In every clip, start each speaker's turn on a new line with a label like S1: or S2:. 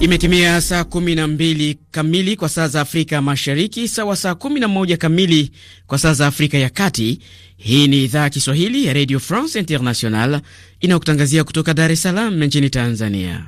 S1: Imetimia saa na mbili kamili kwa saa za Afrika Mashariki, sawa saa moja kamili kwa saa za Afrika ya Kati. Hii ni idhaa ya Kiswahili ya Radio France International inayokutangazia kutoka Dar es Salaam nchini Tanzania.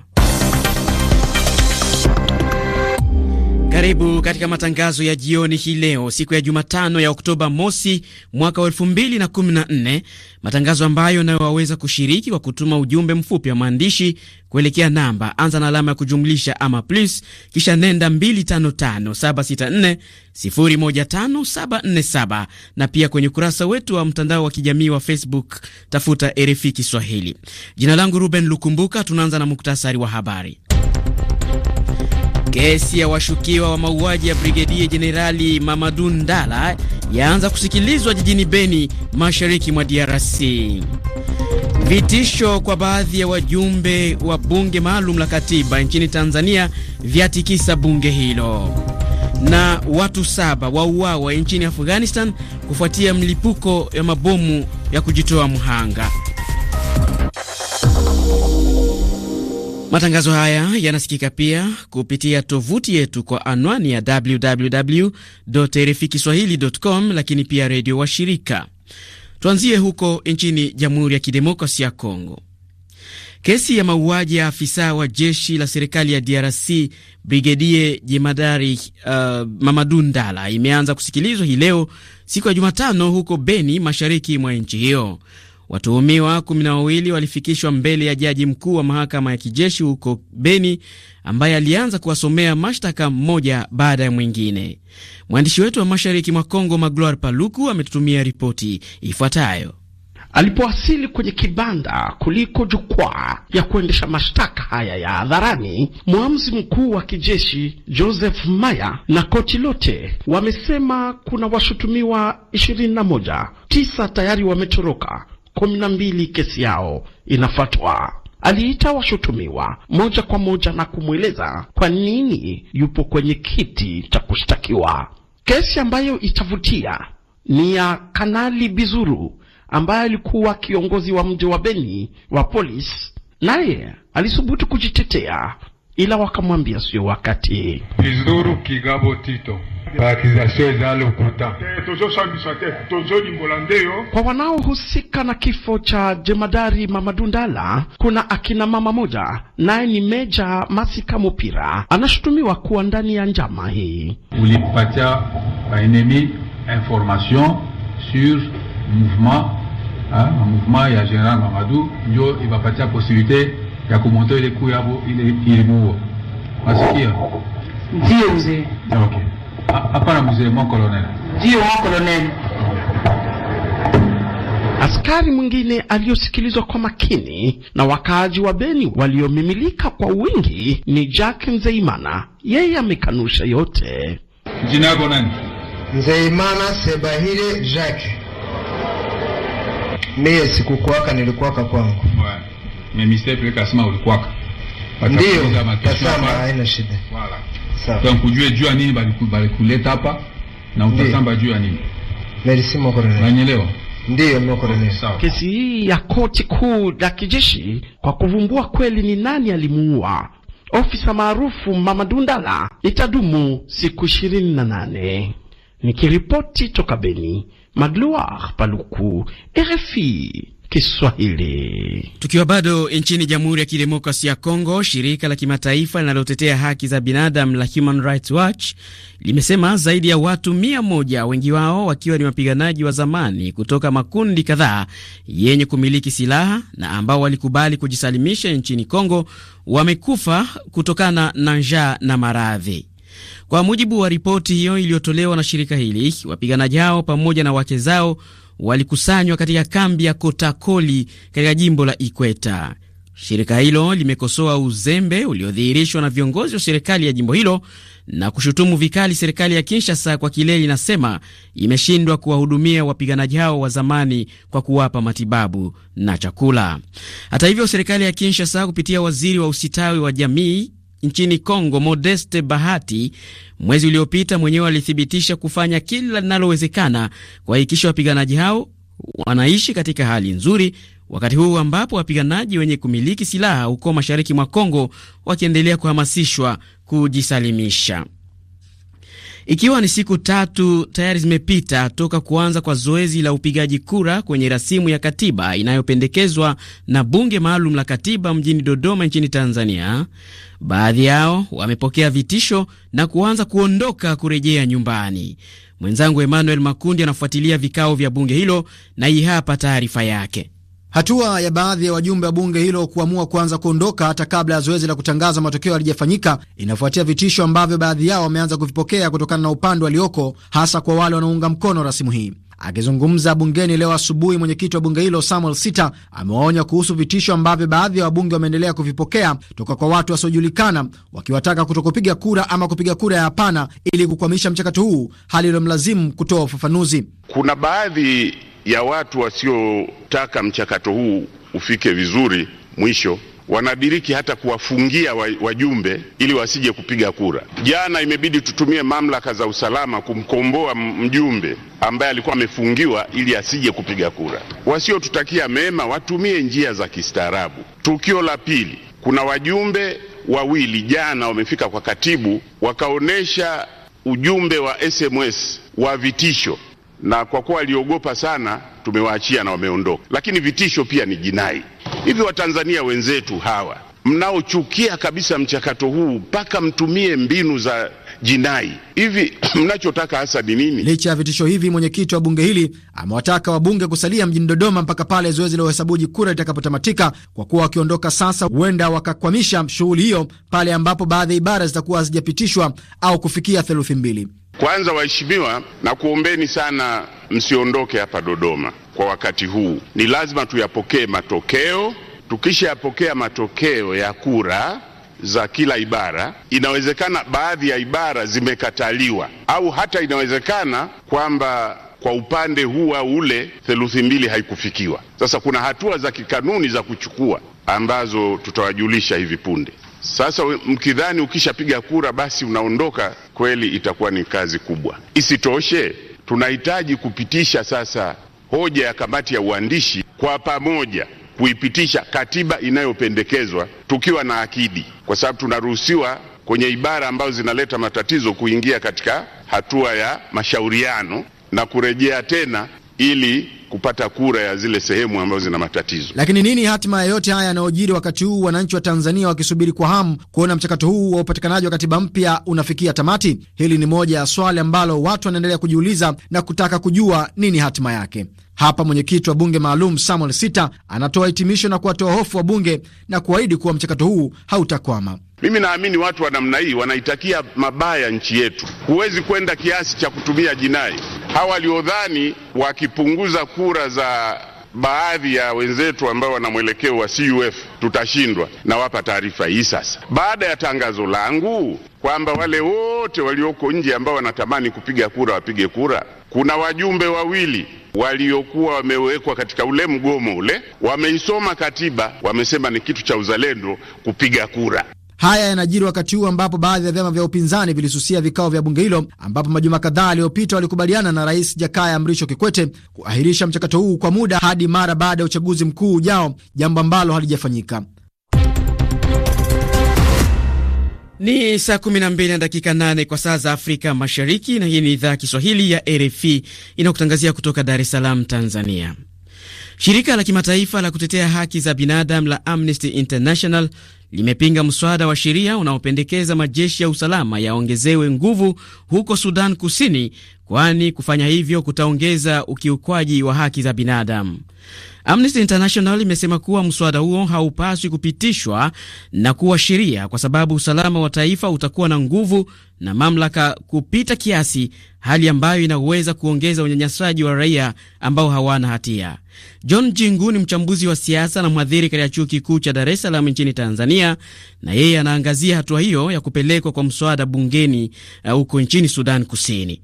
S1: Karibu katika matangazo ya jioni hii leo, siku ya Jumatano ya Oktoba mosi mwaka wa elfu mbili na kumi na nne. Matangazo ambayo nayo kushiriki kwa kutuma ujumbe mfupi wa maandishi kuelekea namba, anza na alama ya kujumlisha ama plus, kisha nenda 255764015747 na pia kwenye ukurasa wetu wa mtandao wa kijamii wa Facebook tafuta RFI Kiswahili. Jina langu Ruben Lukumbuka. Tunaanza na muktasari wa habari. Kesi ya washukiwa wa mauaji ya Brigedia Jenerali Mamadou Ndala yaanza kusikilizwa jijini Beni, mashariki mwa DRC. Vitisho kwa baadhi ya wajumbe wa bunge maalum la katiba nchini Tanzania vyatikisa bunge hilo. Na watu saba wauawa nchini Afghanistan kufuatia mlipuko ya mabomu ya kujitoa mhanga. Matangazo haya yanasikika pia kupitia tovuti yetu kwa anwani ya www RFI kiswahilicom, lakini pia redio wa shirika Tuanzie huko nchini Jamhuri ya Kidemokrasi ya Kongo. Kesi ya mauaji ya afisa wa jeshi la serikali ya DRC brigedie Jemadari uh, Mamadu Ndala imeanza kusikilizwa hii leo siku ya Jumatano huko Beni, mashariki mwa nchi hiyo. Watuhumiwa kumi na wawili walifikishwa mbele ya jaji mkuu wa mahakama ya kijeshi huko Beni, ambaye alianza kuwasomea mashtaka mmoja baada ya mwingine. Mwandishi wetu wa mashariki mwa Kongo, Magloire Paluku, ametutumia ripoti ifuatayo. Alipowasili kwenye kibanda kuliko jukwaa ya kuendesha
S2: mashtaka haya ya hadharani, mwamuzi mkuu wa kijeshi Joseph Maya na koti lote wamesema kuna washutumiwa ishirini na moja, tisa tayari wametoroka kumi na mbili kesi yao inafatwa. Aliita washutumiwa moja kwa moja na kumweleza kwa nini yupo kwenye kiti cha kushtakiwa. Kesi ambayo itavutia ni ya Kanali Bizuru ambaye alikuwa kiongozi wa mji wa Beni wa polisi, naye alisubutu kujitetea, ila wakamwambia sio wakati. Bizuru Kigabo Tito Baakizasio eh, izalokuta kwa wanaohusika na kifo cha jemadari Mamadu Ndala, kuna akina mama moja, naye ni Meja Masika Mupira, anashutumiwa kuwa ndani ya njama hii.
S3: Ulipatia
S2: enemi information sur
S3: mouvement mouvement ya General Mamadu ndio ivapatia posibilite ya kumonta ile kuu yavo ile ilimuo.
S1: masikia, ndiyo mzee.
S3: Okay.
S2: Hapana mzee, mon colonel.
S4: Ndio, mon colonel.
S2: Askari mwingine aliyosikilizwa kwa makini na wakaaji wa Beni waliomimilika kwa wingi ni Jack Nzeimana. Yeye amekanusha yote. Jina yako nani? Nzeimana Sebahire Jack.
S5: Mie sikukuwaka, nilikuwaka kwangu.
S3: Mimi sipeleka sema ulikuwaka.
S5: Ndio, tasama haina shida. Wala
S3: donc ujue juu ya nini
S2: balikuleta hapa na utasamba juu ya nini. merci mon Nanyelewa? Ndiyo, mnaelewa. Sawa. Kesi hii ya koti kuu la kijeshi kwa kuvumbua kweli ni nani alimuua ofisa maarufu mama dundala itadumu siku ishirini na nane. Nikiripoti toka Beni, Magloire Paluku, RFI. Kiswahili.
S1: Tukiwa bado nchini Jamhuri ya Kidemokrasia ya Kongo, shirika la kimataifa linalotetea haki za binadamu la Human Rights Watch limesema zaidi ya watu mia moja, wengi wao wakiwa ni wapiganaji wa zamani kutoka makundi kadhaa yenye kumiliki silaha na ambao walikubali kujisalimisha nchini Kongo, wamekufa kutokana na njaa na maradhi. Kwa mujibu wa ripoti hiyo iliyotolewa na shirika hili, wapiganaji hao pamoja na wake zao walikusanywa katika kambi ya Kotakoli katika jimbo la Ikweta. Shirika hilo limekosoa uzembe uliodhihirishwa na viongozi wa serikali ya jimbo hilo na kushutumu vikali serikali ya Kinshasa kwa kile linasema imeshindwa kuwahudumia wapiganaji hao wa zamani kwa kuwapa matibabu na chakula. Hata hivyo, serikali ya Kinshasa kupitia waziri wa usitawi wa jamii nchini congo Modeste Bahati, mwezi uliopita mwenyewe alithibitisha kufanya kila linalowezekana kuhakikisha wapiganaji hao wanaishi katika hali nzuri, wakati huu ambapo wapiganaji wenye kumiliki silaha huko mashariki mwa congo wakiendelea kuhamasishwa kujisalimisha. Ikiwa ni siku tatu tayari zimepita toka kuanza kwa zoezi la upigaji kura kwenye rasimu ya katiba inayopendekezwa na bunge maalum la katiba mjini Dodoma nchini Tanzania, baadhi yao wamepokea vitisho na kuanza kuondoka kurejea nyumbani. Mwenzangu Emmanuel Makundi anafuatilia vikao vya bunge hilo na hii hapa taarifa yake.
S6: Hatua ya baadhi ya wajumbe wa bunge hilo kuamua kuanza kuondoka hata kabla ya zoezi la kutangaza matokeo yalijafanyika inafuatia vitisho ambavyo baadhi yao wameanza kuvipokea kutokana na upande walioko, hasa kwa wale wanaounga mkono rasimu hii. Akizungumza bungeni leo asubuhi, mwenyekiti wa bunge hilo Samuel Sita amewaonya kuhusu vitisho ambavyo baadhi ya wabunge wameendelea kuvipokea toka kwa watu wasiojulikana, wakiwataka kutokupiga kura ama kupiga kura ya hapana ili kukwamisha mchakato huu, hali iliyomlazimu kutoa ufafanuzi.
S7: Kuna baadhi ya watu wasiotaka mchakato huu ufike vizuri mwisho wanadiriki hata kuwafungia wajumbe ili wasije kupiga kura. Jana imebidi tutumie mamlaka za usalama kumkomboa mjumbe ambaye alikuwa amefungiwa ili asije kupiga kura. Wasiotutakia mema watumie njia za kistaarabu. Tukio la pili, kuna wajumbe wawili jana wamefika kwa katibu, wakaonyesha ujumbe wa SMS wa vitisho na kwa kuwa waliogopa sana, tumewaachia na wameondoka. Lakini vitisho pia ni jinai. Hivi Watanzania wenzetu hawa mnaochukia kabisa mchakato huu mpaka mtumie mbinu za jinai, hivi mnachotaka hasa ni nini?
S6: Licha ya vitisho hivi, mwenyekiti wa bunge hili amewataka wabunge kusalia mjini Dodoma mpaka pale zoezi la uhesabuji kura litakapotamatika, kwa kuwa wakiondoka sasa huenda wakakwamisha shughuli hiyo pale ambapo baadhi ya ibara zitakuwa hazijapitishwa au kufikia theluthi mbili.
S7: Kwanza waheshimiwa, na kuombeni sana msiondoke hapa Dodoma kwa wakati huu. Ni lazima tuyapokee matokeo. Tukishayapokea matokeo ya kura za kila ibara, inawezekana baadhi ya ibara zimekataliwa au hata inawezekana kwamba kwa upande huu au ule theluthi mbili haikufikiwa. Sasa kuna hatua za kikanuni za kuchukua ambazo tutawajulisha hivi punde. Sasa mkidhani ukishapiga kura basi unaondoka, kweli itakuwa ni kazi kubwa. Isitoshe, tunahitaji kupitisha sasa hoja ya kamati ya uandishi kwa pamoja, kuipitisha katiba inayopendekezwa tukiwa na akidi, kwa sababu tunaruhusiwa kwenye ibara ambazo zinaleta matatizo kuingia katika hatua ya mashauriano na kurejea tena ili kupata kura ya zile sehemu ambazo zina matatizo.
S6: Lakini nini hatima ya yote haya yanayojiri, wakati huu wananchi wa Tanzania wakisubiri kwa hamu kuona mchakato huu wa upatikanaji wa katiba mpya unafikia tamati? Hili ni moja ya swali ambalo watu wanaendelea kujiuliza na kutaka kujua nini hatima yake. Hapa mwenyekiti wa bunge maalum Samuel Sita anatoa hitimisho na kuwatoa hofu wa bunge na kuahidi kuwa mchakato huu hautakwama.
S7: Mimi naamini watu wa namna hii wanaitakia mabaya nchi yetu. Huwezi kwenda kiasi cha kutumia jinai. Hawa waliodhani wakipunguza kura za baadhi ya wenzetu ambao wana mwelekeo wa CUF tutashindwa, nawapa taarifa hii sasa, baada ya tangazo langu kwamba wale wote walioko nje ambao wanatamani kupiga kura wapige kura. Kuna wajumbe wawili waliokuwa wamewekwa katika ule mgomo ule, wameisoma katiba, wamesema ni kitu cha uzalendo kupiga kura.
S6: Haya yanajiri wakati huu ambapo baadhi ya vyama vya upinzani vilisusia vikao vya bunge hilo, ambapo majuma kadhaa yaliyopita walikubaliana na Rais Jakaya Mrisho Kikwete kuahirisha mchakato huu kwa muda hadi mara baada ya uchaguzi mkuu ujao, jambo ambalo halijafanyika.
S1: Ni saa kumi na dakika 8 kwa saa za Afrika Mashariki, na hii ni idhaa ya Kiswahili ya RFI inayokutangazia kutoka Dar es Salaam, Tanzania. Shirika la kimataifa la kutetea haki za binadamu la Amnesty International limepinga mswada wa sheria unaopendekeza majeshi ya usalama yaongezewe nguvu huko Sudan Kusini, kwani kufanya hivyo kutaongeza ukiukwaji wa haki za binadamu. Amnesty International imesema kuwa mswada huo haupaswi kupitishwa na kuwa sheria kwa sababu usalama wa taifa utakuwa na nguvu na mamlaka kupita kiasi, hali ambayo inaweza kuongeza unyanyasaji wa raia ambao hawana hatia. John Jingu ni mchambuzi wa siasa na mhadhiri katika chuo kikuu cha Dar es Salaam nchini Tanzania, na yeye anaangazia hatua hiyo ya kupelekwa kwa mswada bungeni uh, huko nchini Sudan Kusini.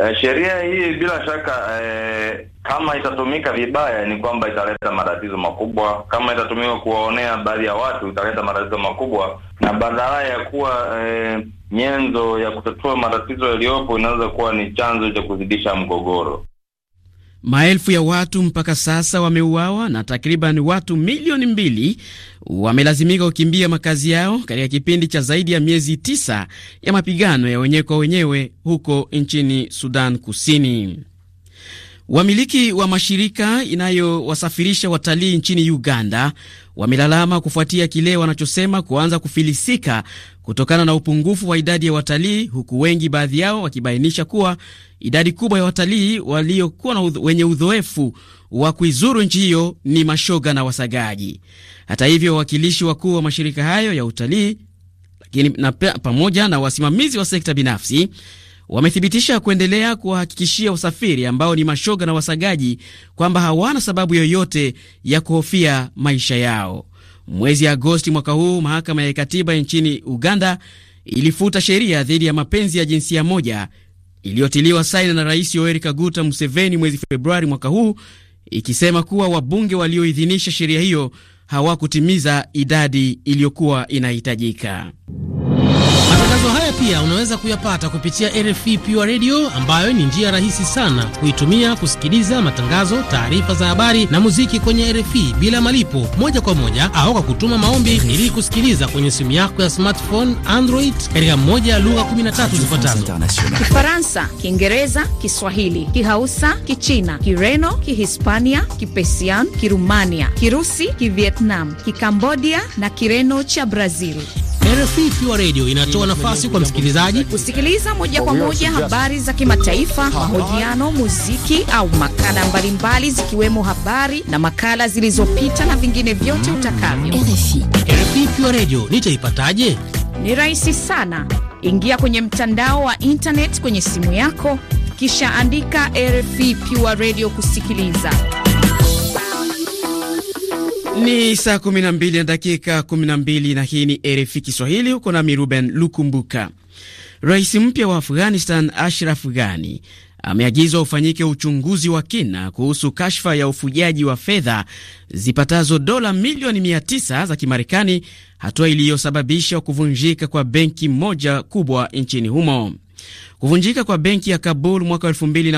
S8: Eh, sheria hii bila shaka eh, kama itatumika vibaya ni kwamba italeta matatizo makubwa. Kama itatumika kuwaonea baadhi ya watu italeta matatizo makubwa, na badala ya kuwa eh, nyenzo ya kutatua matatizo yaliyopo inaweza kuwa ni chanzo cha kuzidisha mgogoro.
S1: Maelfu ya watu mpaka sasa wameuawa na takriban watu milioni mbili wamelazimika kukimbia makazi yao katika kipindi cha zaidi ya miezi tisa ya mapigano ya wenyewe kwa wenyewe huko nchini Sudan Kusini. Wamiliki wa mashirika inayowasafirisha watalii nchini Uganda wamelalama kufuatia kile wanachosema kuanza kufilisika kutokana na upungufu wa idadi ya watalii, huku wengi baadhi yao wakibainisha kuwa idadi kubwa ya watalii waliokuwa na udho, wenye uzoefu wa kuizuru nchi hiyo ni mashoga na wasagaji. Hata hivyo, wawakilishi wakuu wa mashirika hayo ya utalii lakini na pamoja na wasimamizi wa sekta binafsi wamethibitisha kuendelea kuwahakikishia wasafiri ambao ni mashoga na wasagaji kwamba hawana sababu yoyote ya kuhofia maisha yao. Mwezi Agosti mwaka huu mahakama ya katiba nchini Uganda ilifuta sheria dhidi ya mapenzi ya jinsia moja iliyotiliwa saini na Rais Yoweri Kaguta Museveni mwezi Februari mwaka huu ikisema kuwa wabunge walioidhinisha sheria hiyo hawakutimiza idadi iliyokuwa inahitajika
S9: pia unaweza kuyapata kupitia RFI Pure Radio ambayo ni njia rahisi sana kuitumia kusikiliza matangazo, taarifa za habari na muziki kwenye RFI bila malipo, moja kwa moja au kwa kutuma maombi ili kusikiliza kwenye simu yako ya smartphone Android katika moja ya lugha 13
S10: zifuatazo: Kifaransa, Kiingereza, Kiswahili, Kihausa, Kichina, Kireno, Kihispania, Kipesian, Kirumania, Kirusi, Kivietnam, Kikambodia na Kireno cha Brazil.
S9: RFI Pure Radio inatoa nafasi kwa msikilizaji
S10: kusikiliza moja kwa moja habari za kimataifa, mahojiano, muziki au makala mbalimbali zikiwemo habari na makala zilizopita na vingine vyote utakavyo. RFI. Pure Radio nitaipataje? Ni rahisi sana. Ingia kwenye mtandao wa internet kwenye simu yako kisha andika RFI Pure Radio kusikiliza.
S1: Ni saa kumi na na dakika 12, na hii ni RFI Kiswahili. Huko nami Ruben Lukumbuka. Rais mpya wa Afghanistan Ashraf Ghani ameagizwa ufanyike uchunguzi wa kina kuhusu kashfa ya ufujaji wa fedha zipatazo dola milioni 900 za Kimarekani, hatua iliyosababisha kuvunjika kwa benki moja kubwa nchini humo. Kuvunjika kwa benki ya Kabul mwaka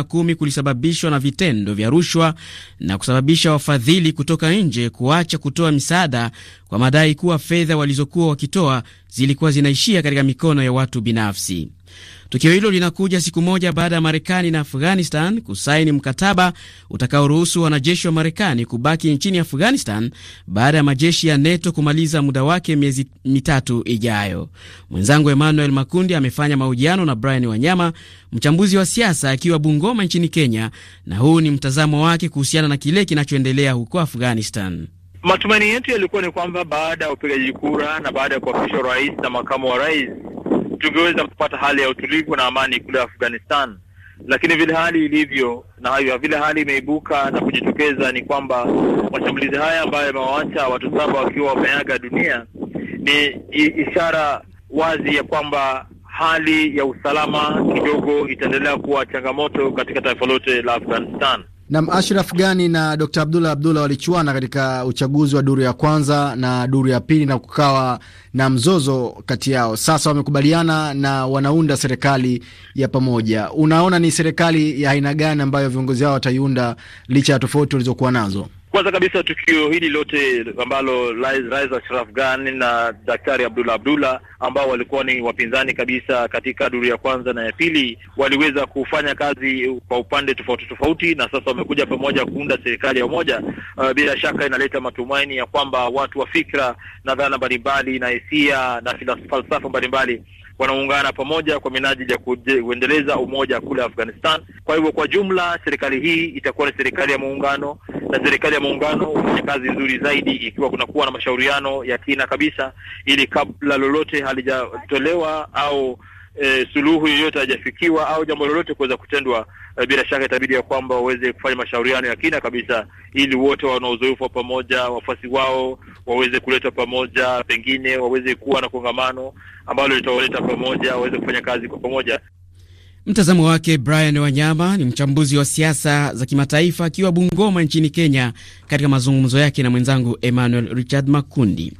S1: kumi kulisababishwa na vitendo vya rushwa na kusababisha wafadhili kutoka nje kuacha kutoa misaada kwa madai kuwa fedha walizokuwa wakitoa zilikuwa zinaishia katika mikono ya watu binafsi. Tukio hilo linakuja siku moja baada ya Marekani na Afghanistan kusaini mkataba utakaoruhusu wanajeshi wa Marekani kubaki nchini Afghanistan baada ya majeshi ya NATO kumaliza muda wake miezi mitatu ijayo. Mwenzangu Emmanuel Makundi amefanya mahojiano na Brian Wanyama, mchambuzi wa siasa, akiwa Bungoma nchini Kenya, na huu ni mtazamo wake kuhusiana na kile kinachoendelea huko Afghanistan.
S11: Matumaini yetu yalikuwa ni kwamba baada ya upigaji kura na baada ya kuapishwa rais na makamu wa rais tungeweza kupata hali ya utulivu na amani kule Afghanistan, lakini vile hali ilivyo na hayo vile hali imeibuka na kujitokeza ni kwamba mashambulizi haya ambayo yamewaacha watu saba wakiwa wameaga dunia ni ishara wazi ya kwamba hali ya usalama kidogo itaendelea kuwa changamoto katika taifa lote la Afghanistan.
S6: Nam Ashraf Gani na Dr Abdullah Abdullah walichuana katika uchaguzi wa duru ya kwanza na duru ya pili, na kukawa na mzozo kati yao. Sasa wamekubaliana na wanaunda serikali ya pamoja. Unaona, ni serikali ya aina gani ambayo viongozi hao wataiunda licha ya tofauti walizokuwa nazo?
S11: Kwanza kabisa tukio hili lote ambalo Rais Ashraf Ghani na Daktari Abdullah Abdullah ambao walikuwa ni wapinzani kabisa katika duru ya kwanza na ya pili, waliweza kufanya kazi kwa upande tofauti tofauti, na sasa wamekuja pamoja kuunda serikali ya umoja. Uh, bila shaka inaleta matumaini ya kwamba watu wa fikra na dhana mbalimbali na hisia na falsafa mbalimbali wanaungana pamoja kwa minajili ya kuendeleza umoja kule Afghanistan. Kwa hivyo, kwa jumla serikali hii itakuwa ni serikali ya muungano, na serikali ya muungano hufanya kazi nzuri zaidi ikiwa kunakuwa na mashauriano ya kina kabisa, ili kabla lolote halijatolewa au e, suluhu yoyote hajafikiwa au jambo lolote kuweza kutendwa, e, bila shaka itabidi ya kwamba waweze kufanya mashauriano ya kina kabisa, ili wote wana uzoefu wa pamoja, wafuasi wao waweze kuletwa pamoja, pengine waweze kuwa na kongamano ambalo litawaleta pamoja, waweze kufanya kazi kwa pamoja.
S1: Mtazamo wake Brian Wanyama ni mchambuzi wa siasa za kimataifa akiwa Bungoma nchini Kenya, katika mazungumzo yake na mwenzangu Emmanuel Richard Makundi.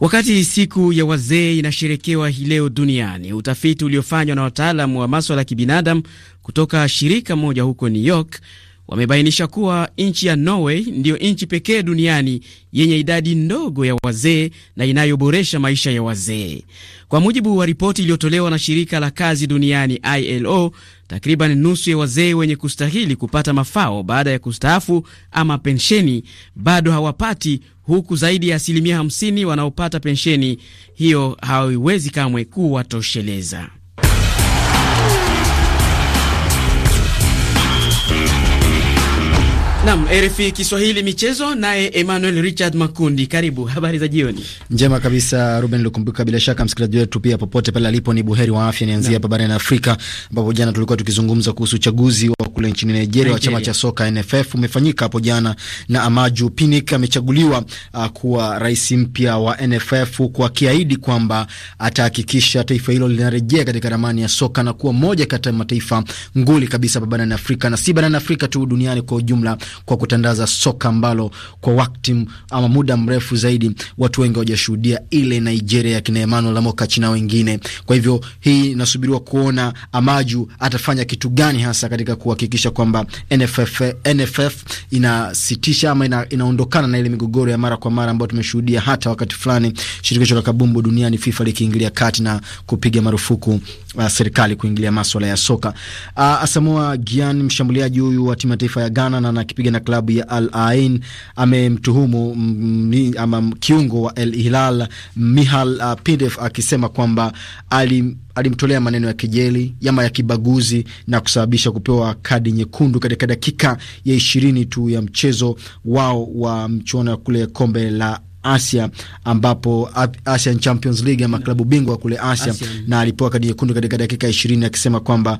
S1: Wakati siku ya wazee inasherekewa hii leo duniani, utafiti uliofanywa na wataalam wa maswala ya kibinadamu kutoka shirika moja huko New York wamebainisha kuwa nchi ya Norway ndiyo nchi pekee duniani yenye idadi ndogo ya wazee na inayoboresha maisha ya wazee. Kwa mujibu wa ripoti iliyotolewa na shirika la kazi duniani ILO, takriban nusu ya wazee wenye kustahili kupata mafao baada ya kustaafu ama pensheni bado hawapati huku zaidi ya asilimia 50 wanaopata pensheni hiyo hawiwezi kamwe kuwatosheleza. Nam RFI Kiswahili michezo, naye Emmanuel Richard Makundi, karibu. Habari za jioni.
S6: Njema kabisa, Ruben Lukumbuka. Bila shaka msikilizaji wetu pia popote pale alipo ni buheri wa afya. Nianzie hapa barani Afrika ambapo jana tulikuwa tukizungumza kuhusu uchaguzi wa kule nchini Nigeria, Nigeria wa chama cha soka NFF umefanyika hapo jana na Amaju Pinnick amechaguliwa uh, kuwa rais mpya wa NFF huku akiahidi kwamba atahakikisha taifa hilo linarejea katika ramani ya soka na kuwa moja kati ya mataifa nguli kabisa barani Afrika na si barani Afrika tu, duniani kwa ujumla kwa kutandaza soka ambalo kwa wakati ama muda mrefu zaidi watu wengi hawajashuhudia, ile Nigeria ya kina Emmanuel Amokachi na wengine. Kwa hivyo hii inasubiriwa kuona Amaju atafanya kitu gani hasa katika kuhakikisha kwamba NFF, NFF inasitisha ama ina, inaondokana na ile migogoro ya mara kwa mara ambayo tumeshuhudia hata wakati fulani shirikisho la kabumbu duniani FIFA likiingilia kati na kupiga marufuku uh, serikali kuingilia maswala ya soka. Uh, Asamoah Gyan, mshambuliaji huyu wa timu ya taifa ya Ghana na anakipiga na klabu ya Al Ain, amemtuhumu ama kiungo wa Al Hilal Mihal uh, ah, Pidef akisema kwamba ali alimtolea maneno ya kejeli ama ya kibaguzi na kusababisha kupewa kadi nyekundu katika dakika ya ishirini tu ya mchezo wao wa mchuano wa kule kombe la Asia, ambapo Asian Champions League ama klabu bingwa kule Asia, Asia, na alipewa kadi nyekundu katika dakika ishirini akisema kwamba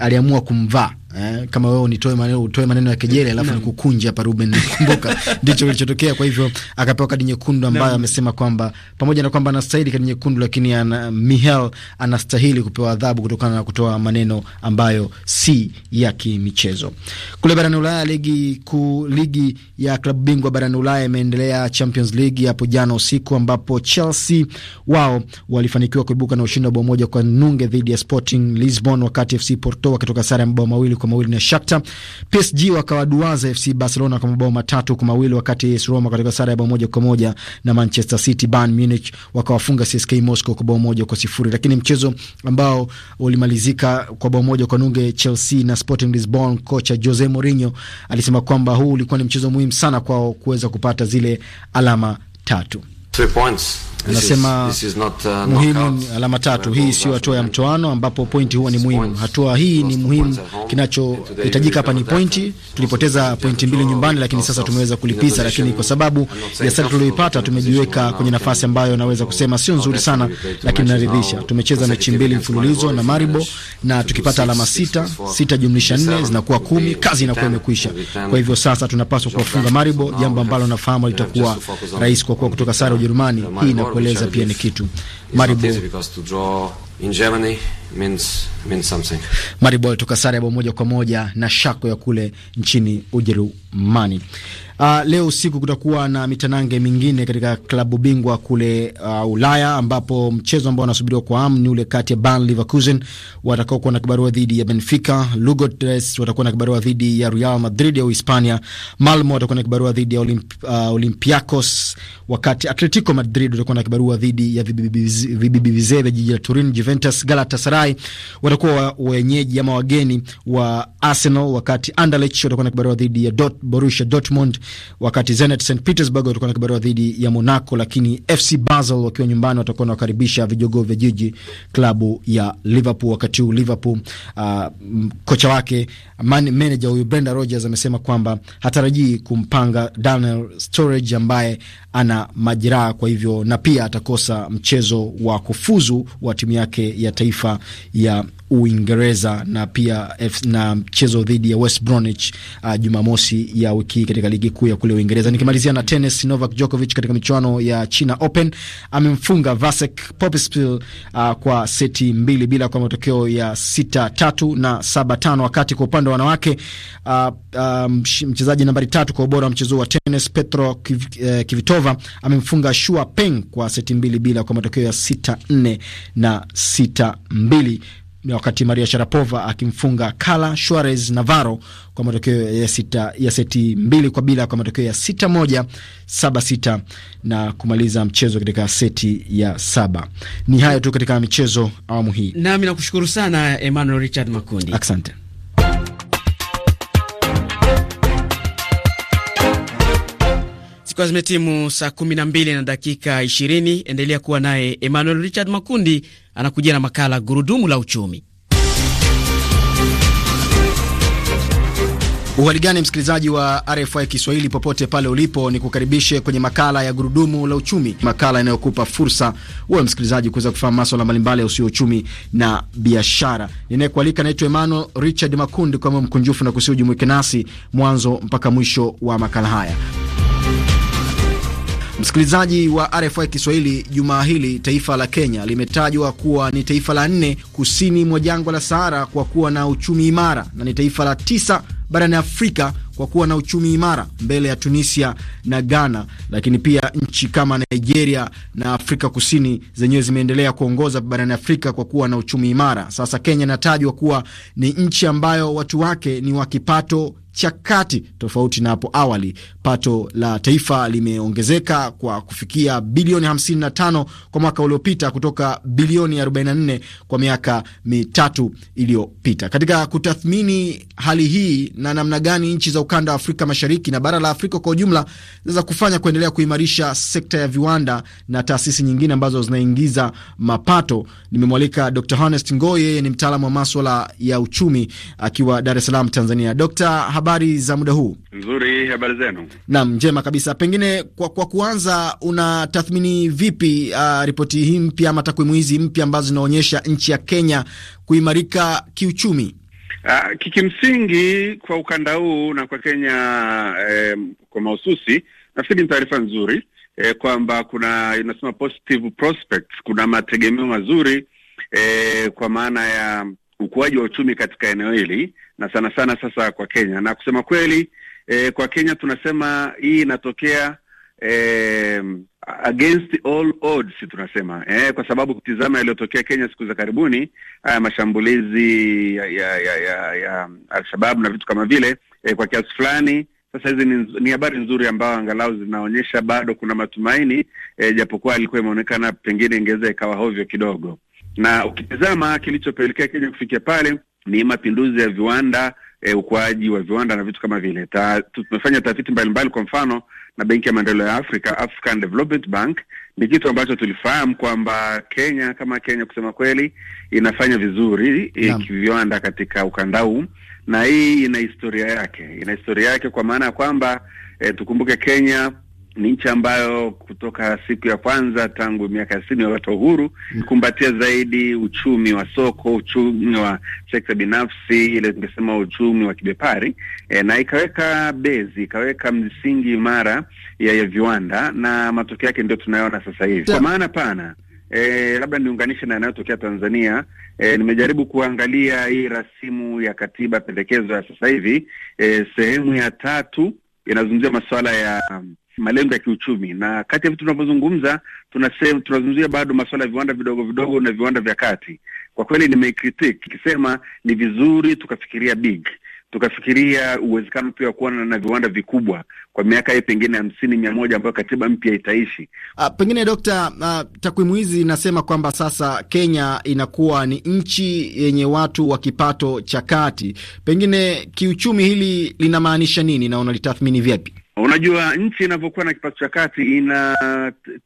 S6: aliamua kumvaa Eh, kama wewe unitoe maneno utoe maneno ya kejeli alafu nikukunje hapa Ruben, nikumbuka ndicho kilichotokea. Kwa hivyo akapewa kadi nyekundu ambayo amesema kwamba pamoja na kwamba anastahili kadi nyekundu, lakini ana, Mihel anastahili kupewa adhabu kutokana na kutoa maneno ambayo si ya kimichezo. Kule barani Ulaya, ligi kuu, ligi ya klabu bingwa barani Ulaya imeendelea, Champions League hapo jana usiku, ambapo Chelsea wao walifanikiwa kuibuka na ushindi wa bao moja kwa nunge dhidi ya Sporting Lisbon, wakati FC Porto wakitoka sare ya mabao mawili kwa mawili na Shakhtar. PSG wakawaduaza FC Barcelona kwa mabao matatu kwa mawili, wakati AS Roma katika sare ya bao moja kwa moja na Manchester City. Bayern Munich wakawafunga CSK Moscow kwa bao moja kwa sifuri, lakini mchezo ambao ulimalizika kwa bao moja kwa nunge Chelsea na Sporting Lisbon, kocha Jose Mourinho alisema kwamba huu ulikuwa ni mchezo muhimu sana kwao kuweza kupata zile alama
S12: tatu. Anasema uh, muhimu alama tatu, hii sio hatua
S6: ya mtoano ambapo pointi huwa ni muhimu. Hatua hii ni muhimu, kinachohitajika hapa ni pointi. Tulipoteza pointi mbili nyumbani, lakini sasa tumeweza kulipiza, lakini kwa sababu ya sare tulioipata tumejiweka kwenye nafasi ambayo naweza kusema sio nzuri sana, lakini naridhisha. Tumecheza mechi mbili mfululizo na Maribo na tukipata alama sita, sita jumlisha nne zinakuwa kumi, kazi inakuwa imekwisha. Kwa hivyo sasa tunapaswa kuwafunga Maribo, jambo ambalo nafahamu litakuwa rahisi kwa kuwa kutoka sare ya Ujerumani hii kueleza pia ni kitu.
S13: Maribo
S14: means, means something.
S6: sare ya bao moja kwa moja na Shako ya kule nchini Ujerumani. Uh, leo usiku kutakuwa na mitanange mingine katika klabu bingwa kule uh, Ulaya ambapo mchezo ambao unasubiriwa kwa hamu ni ule kati ya Bayer Leverkusen watakaokuwa na kibarua dhidi ya Benfica, Lugo Tres watakuwa na kibarua dhidi ya Real Madrid ya Uhispania, Malmo watakuwa na kibarua dhidi ya Olymp, uh, Olympiacos, wakati Atletico Madrid watakuwa na kibarua dhidi ya vibibi vizee vya jiji la Turin. Juventus, Galatasaray watakuwa wenyeji ama wageni wa Arsenal, wakati Anderlecht watakuwa na kibarua dhidi ya Dort, Borussia Dortmund wakati Zenit St Petersburg watakuwa na kibarua dhidi ya Monaco, lakini FC Basel wakiwa nyumbani watakuwa wanawakaribisha vijogoo vya jiji klabu ya Liverpool. Wakati huu Liverpool, uh, kocha wake man, manager huyu Brenda Rogers amesema kwamba hatarajii kumpanga Daniel Sturridge ambaye ana majeraha, kwa hivyo na pia atakosa mchezo wa kufuzu wa timu yake ya taifa ya Uingereza na pia na mchezo dhidi ya West Bromwich uh, Jumamosi ya wiki katika ligi kuu ya kule Uingereza. Nikimalizia na tenis, Novak Djokovic katika michuano ya China Open amemfunga Vasek Popispil uh, kwa seti mbili bila kwa matokeo ya sita tatu na saba tano. Wakati kwa upande wa wanawake uh, uh, mchezaji nambari tatu kwa ubora wa mchezo wa tenis Petro Kiv, eh, Kivitova amemfunga Shua Peng kwa seti mbili bila kwa matokeo ya sita nne na sita mbili wakati Maria Sharapova akimfunga Carla Suarez Navarro kwa matokeo ya, sita, ya seti mbili kwa bila kwa matokeo ya sita moja saba sita na kumaliza mchezo katika seti ya saba. Ni hayo tu katika michezo awamu hii,
S1: nami nakushukuru sana Emmanuel Richard Makundi, asante. Zikiwa zimetimu saa 12 na dakika ishirini endelea kuwa naye Emmanuel Richard Makundi anakuja na makala gurudumu la uchumi.
S6: Uhaligani msikilizaji wa RFI Kiswahili popote pale ulipo, ni kukaribishe kwenye makala ya gurudumu la uchumi, makala inayokupa fursa wewe msikilizaji kuweza kufahamu maswala mbalimbali ya usio uchumi na biashara. Ninayekualika naitwa Emmanuel Richard Makundi, kwa mkunjufu na kusiujumuike nasi mwanzo mpaka mwisho wa makala haya. Msikilizaji wa RFI Kiswahili, jumaa hili taifa la Kenya limetajwa kuwa ni taifa la nne kusini mwa jangwa la Sahara kwa kuwa na uchumi imara na ni taifa la tisa barani Afrika kwa kuwa na uchumi imara mbele ya Tunisia na Ghana, lakini pia nchi kama Nigeria na Afrika Kusini zenyewe zimeendelea kuongoza barani Afrika kwa kuwa na uchumi imara. Sasa Kenya inatajwa kuwa ni nchi ambayo watu wake ni wa kipato cha kati, tofauti na hapo awali. Pato la taifa limeongezeka kwa kufikia bilioni 55 kwa mwaka uliopita kutoka bilioni 44 kwa miaka mitatu iliyopita. Katika kutathmini hali hii na namna gani nchi za ukanda wa Afrika Mashariki na bara la Afrika kwa ujumla zinaweza kufanya kuendelea kuimarisha sekta ya viwanda na taasisi nyingine ambazo zinaingiza mapato, nimemwalika Dr. Honest Ngoye, yeye ni mtaalamu wa maswala ya uchumi akiwa Dar es Salaam, Tanzania. Dr habari za muda huu?
S3: Nzuri, habari zenu?
S6: Naam, njema kabisa. Pengine kwa, kwa kuanza, una tathmini vipi uh, ripoti hii mpya ama takwimu hizi mpya ambazo zinaonyesha nchi ya Kenya kuimarika kiuchumi?
S3: Uh, kikimsingi kwa ukanda huu na kwa Kenya eh, kwa mahususi nafikiri ni taarifa nzuri eh, kwamba kuna inasema positive prospects, kuna mategemeo mazuri eh, kwa maana ya ukuaji wa uchumi katika eneo hili na sana sana sasa kwa Kenya. Na kusema kweli eh, kwa Kenya tunasema hii inatokea eh, against all odds tunasema eh, kwa sababu kutizama yaliyotokea Kenya siku za karibuni, haya mashambulizi ya ya ya, ya, ya Alshabab na vitu kama vile eh, kwa kiasi fulani sasa hizi ni, ni habari nzuri ambayo angalau zinaonyesha bado kuna matumaini eh, japokuwa alikuwa imeonekana pengine ingeweza ikawa hovyo kidogo. Na ukitizama kilichopelekea Kenya kufikia pale ni mapinduzi ya viwanda e, ukuaji wa viwanda na vitu kama vile ta, tumefanya tafiti mbalimbali, kwa mfano na Benki ya Maendeleo ya Afrika, African Development Bank. Ni kitu ambacho tulifahamu kwamba Kenya kama Kenya kusema kweli inafanya vizuri e, kiviwanda katika ukanda huu, na hii ina historia yake, ina historia yake kwa maana ya kwamba e, tukumbuke Kenya ni nchi ambayo kutoka siku ya kwanza tangu miaka ya sitini wapata uhuru ikumbatia mm. zaidi uchumi wa soko, uchumi wa sekta binafsi, ile tungesema uchumi wa kibepari e, na ikaweka bezi, ikaweka msingi imara ya, ya viwanda na matokeo yake ndio tunayoona sasa hivi kwa maana pana E, labda niunganishe na yanayotokea Tanzania. E, nimejaribu kuangalia hii rasimu ya katiba pendekezo ya sasa hivi. E, sehemu ya tatu inazungumzia masuala ya um, malengo ya kiuchumi, na kati ya vitu tunavyozungumza tunasema, tunazungumzia bado masuala ya viwanda vidogo vidogo na viwanda vya kati. Kwa kweli nimekritik ikisema ni vizuri tukafikiria big tukafikiria uwezekano pia wa kuwa na viwanda vikubwa kwa miaka hii pengine hamsini mia moja ambayo katiba mpya itaishi.
S6: Uh, pengine Dokta, ah, takwimu hizi inasema kwamba sasa Kenya inakuwa ni nchi yenye watu wa kipato cha kati. Pengine kiuchumi hili linamaanisha nini na unalitathmini vipi?
S3: Unajua, nchi inavyokuwa na kipato cha kati ina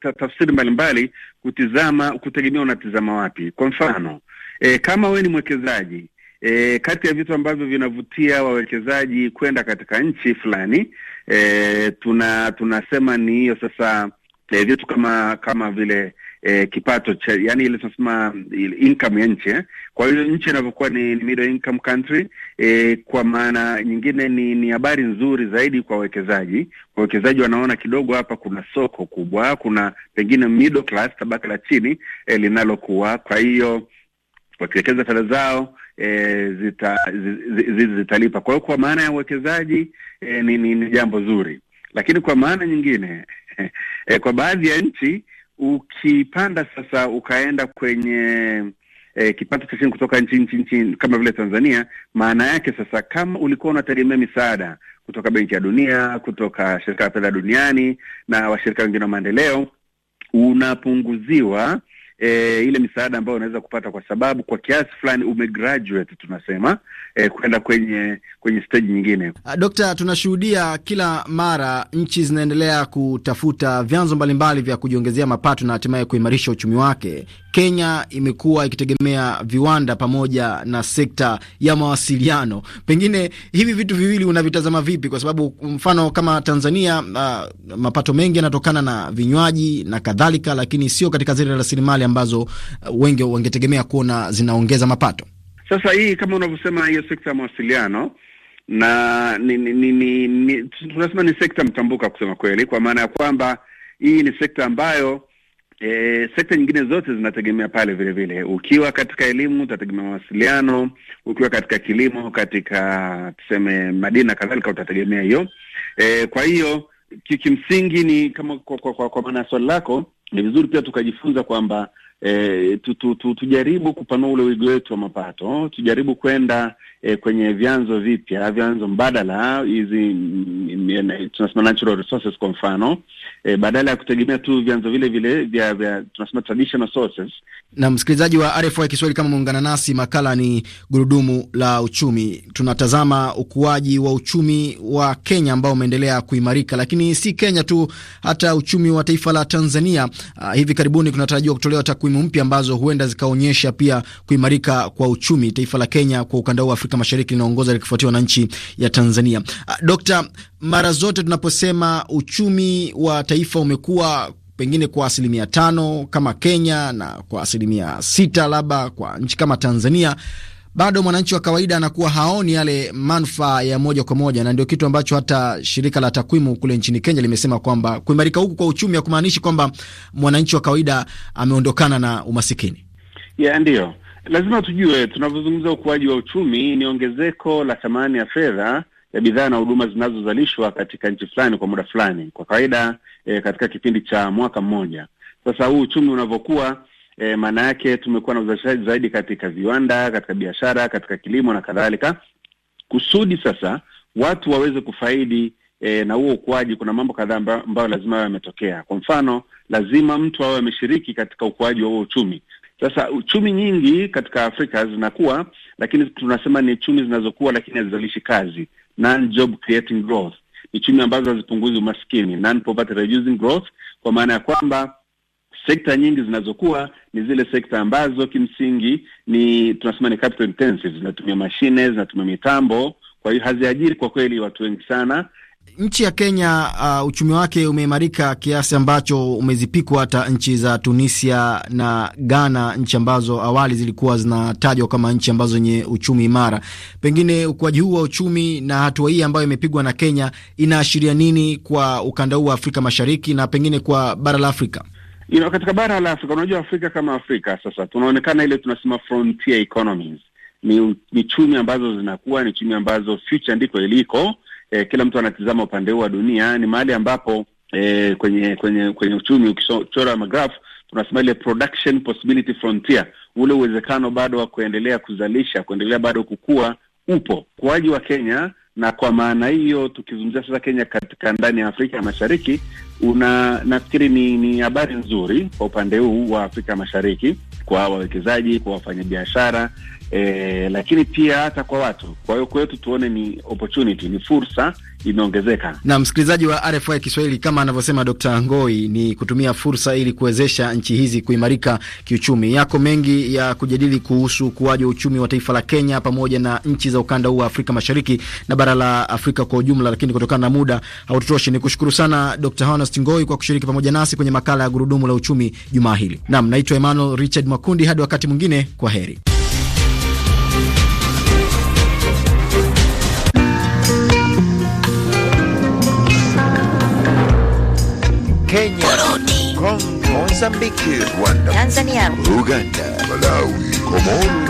S3: ta tafsiri mbalimbali, kutizama kutegemea unatizama wapi. Kwa mfano e, kama wewe ni mwekezaji e, kati ya vitu ambavyo vinavutia wawekezaji kwenda katika nchi fulani e, tuna tunasema ni hiyo sasa e, vitu kama kama vile eh, kipato cha yani ile tunasema income ya nchi eh. Kwa hiyo nchi inavyokuwa ni, ni middle income country eh, kwa maana nyingine ni ni habari nzuri zaidi kwa wawekezaji. Wawekezaji wanaona kidogo hapa kuna soko kubwa, kuna pengine middle class, tabaka la chini eh, linalokuwa. Kwa hiyo wakiwekeza fedha zao E, zita, zi, zi, zi, zitalipa. Kwa hiyo kwa maana ya uwekezaji e, ni, ni, ni jambo zuri, lakini kwa maana nyingine e, kwa baadhi ya nchi ukipanda sasa ukaenda kwenye E, kipato cha chini kutoka nchi nchi nchi kama vile Tanzania, maana yake sasa, kama ulikuwa unategemea misaada kutoka Benki ya Dunia, kutoka Shirika la Fedha Duniani na washirika wengine wa maendeleo, unapunguziwa e, ile misaada ambayo unaweza kupata, kwa sababu kwa kiasi fulani umegraduate tunasema e, kwenda kwenye kwenye stage nyingine.
S6: Ah, dokta, tunashuhudia kila mara nchi zinaendelea kutafuta vyanzo mbalimbali vya kujiongezea mapato na hatimaye kuimarisha uchumi wake. Kenya imekuwa ikitegemea viwanda pamoja na sekta ya mawasiliano. Pengine hivi vitu viwili unavitazama vipi? Kwa sababu mfano kama Tanzania, uh, mapato mengi yanatokana na vinywaji na kadhalika, lakini sio katika zile rasilimali ambazo ah, wengi wangetegemea kuona zinaongeza mapato.
S3: Sasa hii kama unavyosema, hiyo sekta ya mawasiliano na ni, ni, ni, ni, ni, tunasema ni sekta mtambuka kusema kweli, kwa maana ya kwamba hii ni sekta ambayo E, sekta nyingine zote zinategemea pale vile vile. Ukiwa katika elimu utategemea mawasiliano, ukiwa katika kilimo, katika tuseme madini na kadhalika utategemea hiyo. E, kwa hiyo kimsingi ni kama kwa, kwa, kwa, kwa maana ya swali lako ni vizuri pia tukajifunza kwamba e, tu, tu, tu, tujaribu kupanua ule wigo wetu wa mapato, tujaribu kwenda e, kwenye vyanzo vipya, vyanzo mbadala, hizi mm, mm, mm, tunasema natural resources kwa mfano e, badala ya kutegemea tu vyanzo vile vile vya, tunasema traditional sources.
S6: Na msikilizaji wa RFI Kiswahili, kama muungana nasi, makala ni gurudumu la uchumi. Tunatazama ukuaji wa uchumi wa Kenya ambao umeendelea kuimarika, lakini si Kenya tu, hata uchumi wa taifa la Tanzania. Uh, hivi karibuni kunatarajiwa kutolewa takwimu mpya ambazo huenda zikaonyesha pia kuimarika kwa uchumi. Taifa la Kenya kwa ukanda wa Afrika Mashariki linaongoza likifuatiwa na nchi ya Tanzania. Uh, Dokta, mara zote tunaposema uchumi wa taifa umekuwa pengine kwa asilimia tano kama Kenya na kwa asilimia sita labda kwa nchi kama Tanzania, bado mwananchi wa kawaida anakuwa haoni yale manufaa ya moja kwa moja, na ndio kitu ambacho hata shirika la takwimu kule nchini Kenya limesema kwamba kuimarika huku kwa uchumi hakumaanishi kwamba mwananchi wa kawaida ameondokana na umasikini.
S3: Yeah, ndiyo lazima tujue tunavyozungumza ukuaji wa uchumi ni ongezeko la thamani ya fedha ya bidhaa na huduma zinazozalishwa katika nchi fulani kwa muda fulani, kwa kawaida e, katika kipindi cha mwaka mmoja. Sasa huu uchumi unavyokuwa e, maana yake tumekuwa na uzalishaji zaidi katika viwanda, katika biashara, katika kilimo na kadhalika, kusudi sasa watu waweze kufaidi E, na huo ukuaji, kuna mambo kadhaa ambayo lazima awe ametokea. Kwa mfano, lazima mtu awe ameshiriki katika ukuaji wa huo uchumi. Sasa uchumi nyingi katika Afrika zinakuwa, lakini tunasema ni uchumi zinazokuwa, lakini hazizalishi kazi non job creating growth, ni chumi ambazo hazipunguzi umaskini, non poverty reducing growth, kwa maana ya kwamba sekta nyingi zinazokuwa ni zile sekta ambazo kimsingi ni tunasema ni capital intensive, zinatumia mashine, zinatumia mitambo, kwa hiyo haziajiri kwa kweli watu wengi sana
S6: Nchi ya Kenya uh, uchumi wake umeimarika kiasi ambacho umezipikwa hata nchi za Tunisia na Ghana, nchi ambazo awali zilikuwa zinatajwa kama nchi ambazo zenye uchumi imara. Pengine ukuaji huu wa uchumi na hatua hii ambayo imepigwa na Kenya inaashiria nini kwa ukanda huu wa Afrika Mashariki na pengine kwa bara la Afrika?
S3: You know, katika bara la Afrika, unajua Afrika kama Afrika sasa tunaonekana ile tunasema frontier economies, ni, ni chumi ambazo zinakuwa ni chumi ambazo future ndiko iliko e, kila mtu anatizama upande huu wa dunia, ni mahali ambapo e, kwenye kwenye kwenye uchumi ukichora magrafu tunasema ile production possibility frontier, ule uwezekano bado wa kuendelea kuzalisha, kuendelea bado kukua upo. Ukuaji wa Kenya na kwa maana hiyo tukizungumzia sasa Kenya katika ndani ya Afrika ya Mashariki una nafikiri ni ni habari nzuri kwa upande huu wa Afrika Mashariki, kwa wawekezaji, kwa wafanyabiashara e, lakini pia hata kwa watu. Kwa hiyo kwetu tuone ni opportunity, ni fursa imeongezeka.
S6: Na msikilizaji wa RFI Kiswahili, kama anavyosema Dr. Ngoi, ni kutumia fursa ili kuwezesha nchi hizi kuimarika kiuchumi. Yako mengi ya kujadili kuhusu ukuaji wa uchumi wa taifa la Kenya pamoja na nchi za ukanda huu wa Afrika Mashariki na bara la Afrika kwa ujumla, lakini kutokana na muda hautoshi, nikushukuru sana Dr. Honest Ngoi kwa kushiriki pamoja nasi kwenye makala ya gurudumu la uchumi jumaa hili. Naam, naitwa Emmanuel Richard Makundi, hadi wakati mwingine, kwa heri.
S7: Kenya, Burundi, Kongo, Mozambiki, Rwanda, Tanzania, Uganda, Malawi, Komoro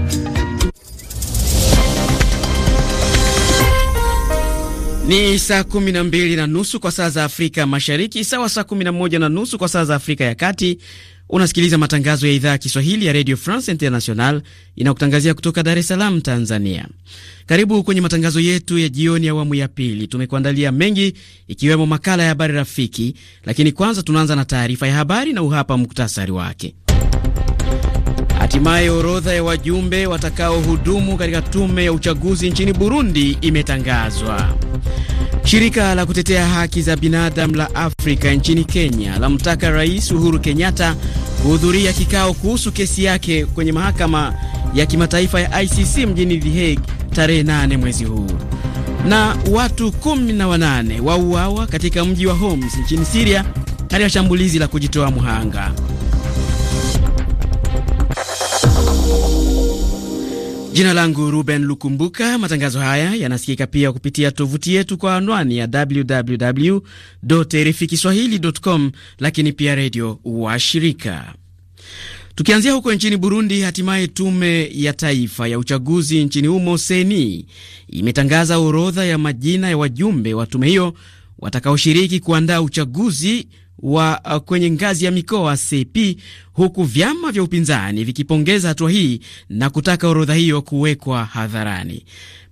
S1: Ni saa kumi na mbili na nusu kwa saa za Afrika Mashariki, sawa saa kumi na moja na nusu kwa saa za Afrika ya Kati. Unasikiliza matangazo ya idhaa ya Kiswahili ya Radio France International inayokutangazia kutoka Dar es Salaam, Tanzania. Karibu kwenye matangazo yetu ya jioni ya awamu ya pili. Tumekuandalia mengi, ikiwemo makala ya habari rafiki, lakini kwanza tunaanza na taarifa ya habari na uhapa muktasari wake. Hatimaye orodha ya wajumbe watakaohudumu katika tume ya uchaguzi nchini Burundi imetangazwa. Shirika la kutetea haki za binadamu la Afrika nchini Kenya lamtaka Rais Uhuru Kenyatta kuhudhuria kikao kuhusu kesi yake kwenye mahakama ya kimataifa ya ICC mjini The Hague tarehe 8 mwezi huu. Na watu kumi na wanane wauawa katika mji wa Homs nchini Siria katika shambulizi la kujitoa muhanga Jina langu Ruben Lukumbuka. Matangazo haya yanasikika pia kupitia tovuti yetu kwa anwani ya www RFI kiswahilicom, lakini pia redio wa shirika. Tukianzia huko nchini Burundi, hatimaye tume ya taifa ya uchaguzi nchini humo seni imetangaza orodha ya majina ya wajumbe wa tume hiyo watakaoshiriki kuandaa uchaguzi wa uh, kwenye ngazi ya mikoa CP, huku vyama vya upinzani vikipongeza hatua hii na kutaka orodha hiyo kuwekwa hadharani.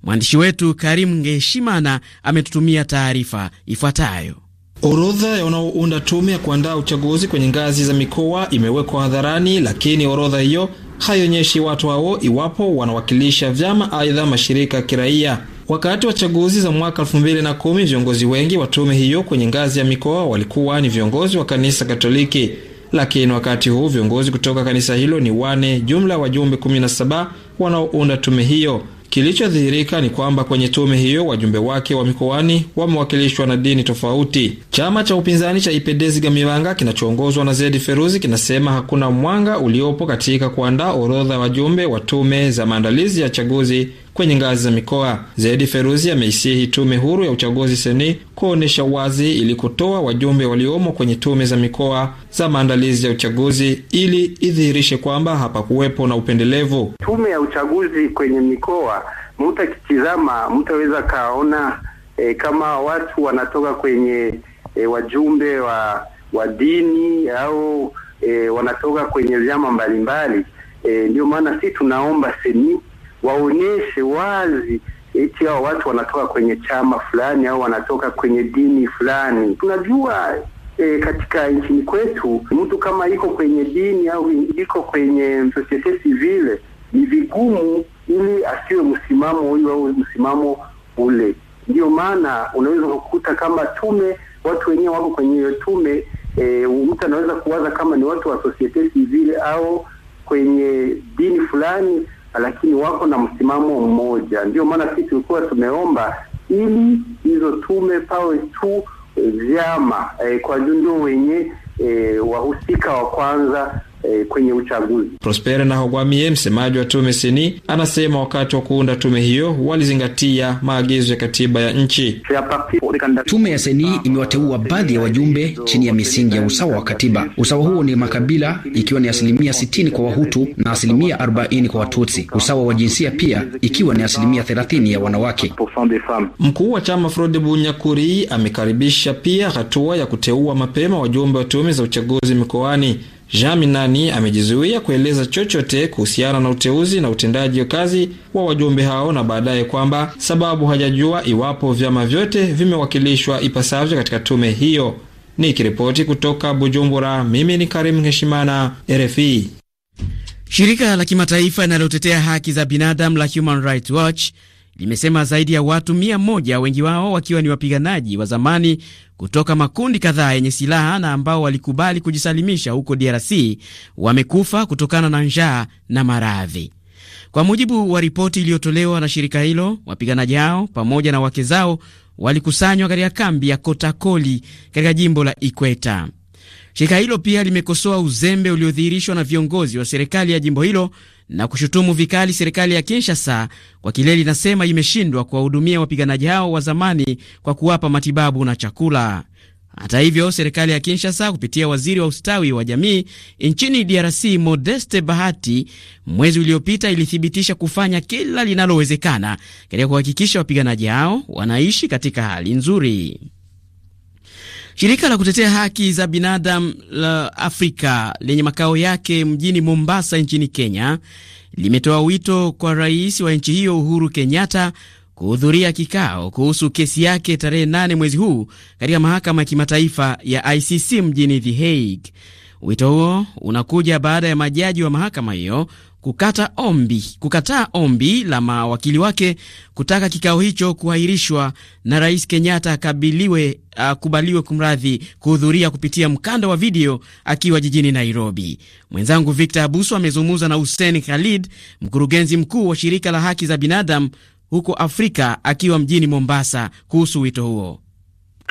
S1: Mwandishi wetu Karim Ngeshimana ametutumia taarifa ifuatayo.
S5: Orodha ya wanaounda tume ya kuandaa uchaguzi kwenye ngazi za mikoa imewekwa hadharani, lakini orodha hiyo haionyeshi watu hao iwapo wanawakilisha vyama, aidha mashirika ya kiraia. Wakati wa chaguzi za mwaka 2010 viongozi wengi wa tume hiyo kwenye ngazi ya mikoa walikuwa ni viongozi wa kanisa Katoliki, lakini wakati huu viongozi kutoka kanisa hilo ni wane, jumla ya wajumbe 17 wanaounda tume hiyo. Kilichodhihirika ni kwamba kwenye tume hiyo wajumbe wake wa mikoani wamewakilishwa na dini tofauti. Chama cha upinzani cha Ipede Zigamibanga kinachoongozwa na Zedi Feruzi kinasema hakuna mwanga uliopo katika kuandaa orodha ya wajumbe wa tume za maandalizi ya chaguzi kwenye ngazi za mikoa. Zaidi Feruzi ameisihi tume huru ya uchaguzi seni kuonyesha wazi ili kutoa wajumbe waliomo kwenye tume za mikoa za maandalizi ya uchaguzi ili idhihirishe kwamba hapakuwepo na upendelevu.
S12: Tume ya uchaguzi kwenye mikoa mutakitizama, mutaweza kaona e, kama watu wanatoka kwenye e, wajumbe wa wa dini au e, wanatoka kwenye vyama mbalimbali. E, ndio e, maana si tunaomba seni waonyeshe wazi eti hao watu wanatoka kwenye chama fulani au wanatoka kwenye dini fulani. Tunajua e, katika nchini kwetu mtu kama iko kwenye dini au iko kwenye societe civile ni vigumu ili asiwe msimamo huyu au msimamo ule. Ndio maana unaweza kukuta kama tume, watu wenyewe wako kwenye hiyo tume e, mtu anaweza kuwaza kama ni watu wa societe civile au kwenye dini fulani lakini wako na msimamo mmoja. Ndio maana sisi tulikuwa tumeomba ili hizo tume pawe tu vyama e, kwa ndio wenye e, wahusika wa kwanza Eh, kwenye uchaguzi.
S5: Prosper Nahogwamie, msemaji wa tume seni, anasema wakati wa kuunda tume hiyo walizingatia maagizo ya katiba ya nchi. Tume
S6: ya seni imewateua baadhi ya wajumbe chini ya misingi ya usawa wa katiba. Usawa huo ni makabila, ikiwa ni asilimia 60 kwa Wahutu na asilimia 40 kwa Watutsi. Usawa wa jinsia pia
S12: ikiwa ni asilimia 30 ya wanawake.
S5: Mkuu wa chama Frode Bunyakuri amekaribisha pia hatua ya kuteua mapema wajumbe wa tume za uchaguzi mikoani. Jean Minani amejizuia kueleza chochote kuhusiana na uteuzi na utendaji wa kazi wa wajumbe hao na baadaye kwamba sababu hajajua iwapo vyama vyote vimewakilishwa ipasavyo katika tume hiyo. Nikiripoti kutoka Bujumbura, mimi ni Karim Heshimana,
S1: RFI. Shirika la kimataifa linalotetea haki za binadamu la Human Rights Watch limesema zaidi ya watu mia moja, wengi wao wakiwa ni wapiganaji wa zamani kutoka makundi kadhaa yenye silaha na ambao walikubali kujisalimisha huko DRC wamekufa kutokana na njaa na maradhi. Kwa mujibu wa ripoti iliyotolewa na shirika hilo, wapiganaji hao pamoja na wake zao walikusanywa katika kambi ya Kotakoli katika jimbo la Ikweta. Shirika hilo pia limekosoa uzembe uliodhihirishwa na viongozi wa serikali ya jimbo hilo na kushutumu vikali serikali ya Kinshasa kwa kile linasema imeshindwa kuwahudumia wapiganaji hao wa zamani kwa kuwapa matibabu na chakula. Hata hivyo, serikali ya Kinshasa kupitia waziri wa ustawi wa jamii nchini DRC Modeste Bahati, mwezi uliopita ilithibitisha kufanya kila linalowezekana katika kuhakikisha wapiganaji hao wanaishi katika hali nzuri. Shirika la kutetea haki za binadamu la Afrika lenye makao yake mjini Mombasa nchini Kenya limetoa wito kwa rais wa nchi hiyo Uhuru Kenyatta kuhudhuria kikao kuhusu kesi yake tarehe nane mwezi huu katika mahakama ya kimataifa ya ICC mjini The Hague. Wito huo unakuja baada ya majaji wa mahakama hiyo kukata ombi, kukataa ombi la mawakili wake kutaka kikao hicho kuahirishwa na Rais Kenyatta akabiliwe akubaliwe kumradhi kuhudhuria kupitia mkanda wa video akiwa jijini Nairobi. Mwenzangu Victor Abuso amezungumza na Hussein Khalid, mkurugenzi mkuu wa shirika la haki za binadamu huko Afrika, akiwa mjini Mombasa kuhusu wito huo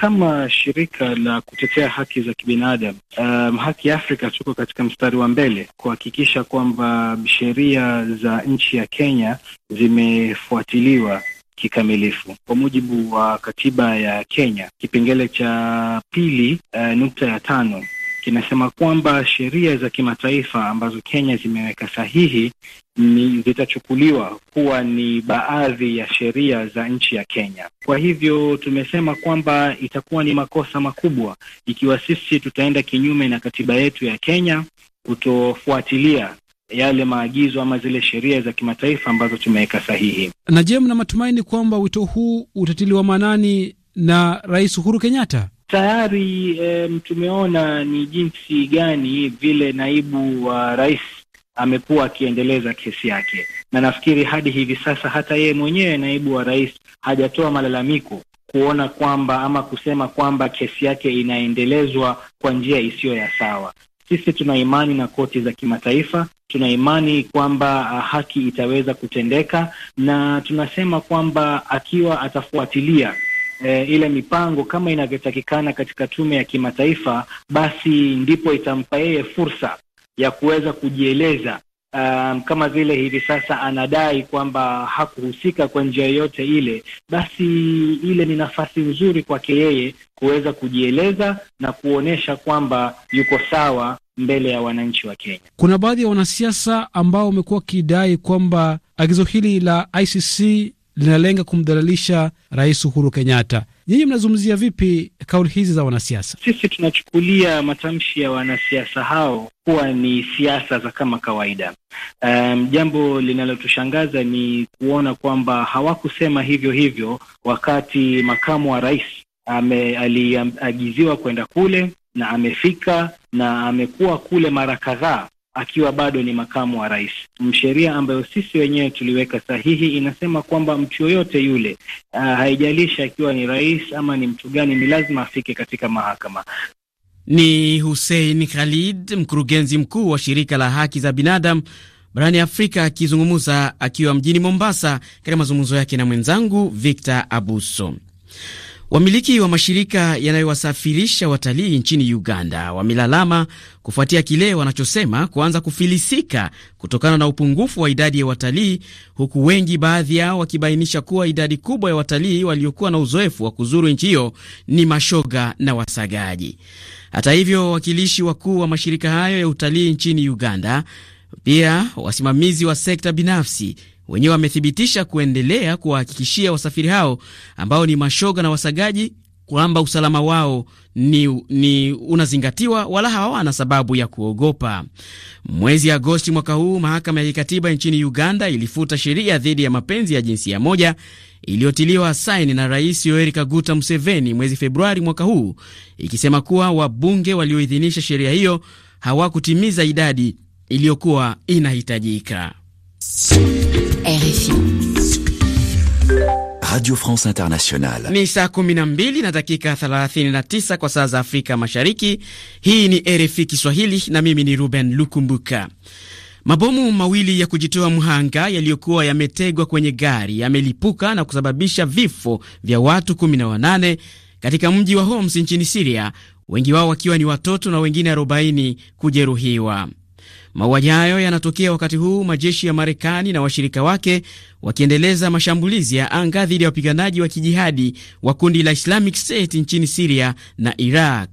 S9: kama shirika la kutetea haki za kibinadamu um, Haki Afrika tuko katika mstari wa mbele kuhakikisha kwamba sheria za nchi ya Kenya zimefuatiliwa kikamilifu kwa mujibu wa katiba ya Kenya kipengele cha pili uh, nukta ya tano kinasema kwamba sheria za kimataifa ambazo Kenya zimeweka sahihi ni zitachukuliwa kuwa ni baadhi ya sheria za nchi ya Kenya. Kwa hivyo tumesema kwamba itakuwa ni makosa makubwa ikiwa sisi tutaenda kinyume na katiba yetu ya Kenya kutofuatilia yale maagizo ama zile sheria za kimataifa ambazo tumeweka sahihi.
S5: Na je, mna matumaini kwamba wito huu utatiliwa maanani na Rais Uhuru Kenyatta? Tayari e, tumeona ni jinsi gani vile
S9: naibu wa rais amekuwa akiendeleza kesi yake, na nafikiri hadi hivi sasa hata yeye mwenyewe naibu wa rais hajatoa malalamiko kuona kwamba ama kusema kwamba kesi yake inaendelezwa kwa njia isiyo ya sawa. Sisi tuna imani na koti za kimataifa, tuna imani kwamba ah, haki itaweza kutendeka, na tunasema kwamba akiwa atafuatilia E, ile mipango kama inavyotakikana katika tume ya kimataifa, basi ndipo itampa yeye fursa ya kuweza kujieleza um, kama vile hivi sasa anadai kwamba hakuhusika kwa njia yoyote ile, basi ile ni nafasi nzuri kwake yeye kuweza kujieleza na kuonyesha kwamba yuko sawa mbele ya wananchi wa Kenya.
S5: Kuna baadhi ya wanasiasa ambao wamekuwa wakidai kwamba agizo hili la ICC linalenga kumdhalilisha Rais Uhuru Kenyatta. Nyinyi mnazungumzia vipi kauli hizi za wanasiasa?
S9: Sisi tunachukulia matamshi ya wanasiasa hao kuwa ni siasa za kama kawaida. Um, jambo linalotushangaza ni kuona kwamba hawakusema hivyo hivyo wakati makamu wa rais aliagiziwa kwenda kule na amefika na amekuwa kule mara kadhaa akiwa bado ni makamu wa rais. Sheria ambayo sisi wenyewe tuliweka sahihi inasema kwamba mtu yoyote yule, uh, haijalishi akiwa ni rais ama ni mtu gani, ni lazima afike katika mahakama.
S1: Ni Hussein Khalid, mkurugenzi mkuu wa shirika la haki za binadamu barani Afrika, akizungumza akiwa mjini Mombasa, katika mazungumzo yake na mwenzangu Victor Abuso. Wamiliki wa mashirika yanayowasafirisha watalii nchini Uganda wamelalama kufuatia kile wanachosema kuanza kufilisika kutokana na upungufu wa idadi ya watalii, huku wengi baadhi yao wakibainisha kuwa idadi kubwa ya watalii waliokuwa na uzoefu wa kuzuru nchi hiyo ni mashoga na wasagaji. Hata hivyo, wawakilishi wakuu wa mashirika hayo ya utalii nchini Uganda, pia wasimamizi wa sekta binafsi wenyewe wamethibitisha kuendelea kuwahakikishia wasafiri hao ambao ni mashoga na wasagaji kwamba usalama wao ni, ni unazingatiwa wala hawana sababu ya kuogopa. Mwezi Agosti mwaka huu mahakama ya kikatiba nchini Uganda ilifuta sheria dhidi ya mapenzi ya jinsia moja iliyotiliwa saini na Rais Yoweri Kaguta Museveni mwezi Februari mwaka huu ikisema kuwa wabunge walioidhinisha sheria hiyo hawakutimiza idadi iliyokuwa inahitajika. RFI. Radio France Internationale. Ni saa 12 na dakika 39 kwa saa za Afrika Mashariki. Hii ni RFI Kiswahili na mimi ni Ruben Lukumbuka. Mabomu mawili ya kujitoa mhanga yaliyokuwa yametegwa kwenye gari yamelipuka na kusababisha vifo vya watu 18 katika mji wa Homs nchini Siria, wengi wao wakiwa ni watoto na wengine 40 kujeruhiwa. Mauaji hayo yanatokea wakati huu majeshi ya Marekani na washirika wake wakiendeleza mashambulizi ya anga dhidi ya wapiganaji wa kijihadi wa kundi la Islamic State nchini Siria na Iraq.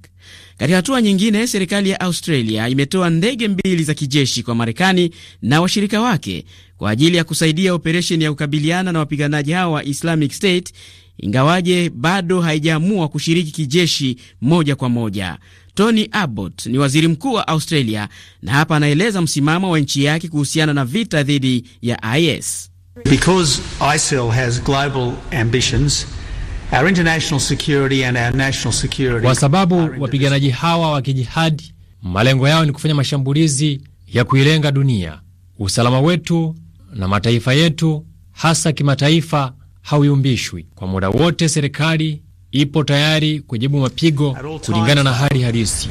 S1: Katika hatua nyingine, serikali ya Australia imetoa ndege mbili za kijeshi kwa Marekani na washirika wake kwa ajili ya kusaidia operesheni ya kukabiliana na wapiganaji hao wa Islamic State, ingawaje bado haijaamua kushiriki kijeshi moja kwa moja. Tony Abbott ni waziri mkuu wa Australia na hapa anaeleza msimamo wa nchi yake kuhusiana na vita dhidi ya IS. Because ISIL has global ambitions, our international security and our national
S9: security. Kwa sababu wapiganaji hawa wa kijihadi malengo yao ni kufanya mashambulizi ya kuilenga dunia, usalama wetu na mataifa yetu hasa kimataifa hauyumbishwi. Kwa muda wote serikali ipo tayari kujibu
S1: mapigo kulingana na hali halisi.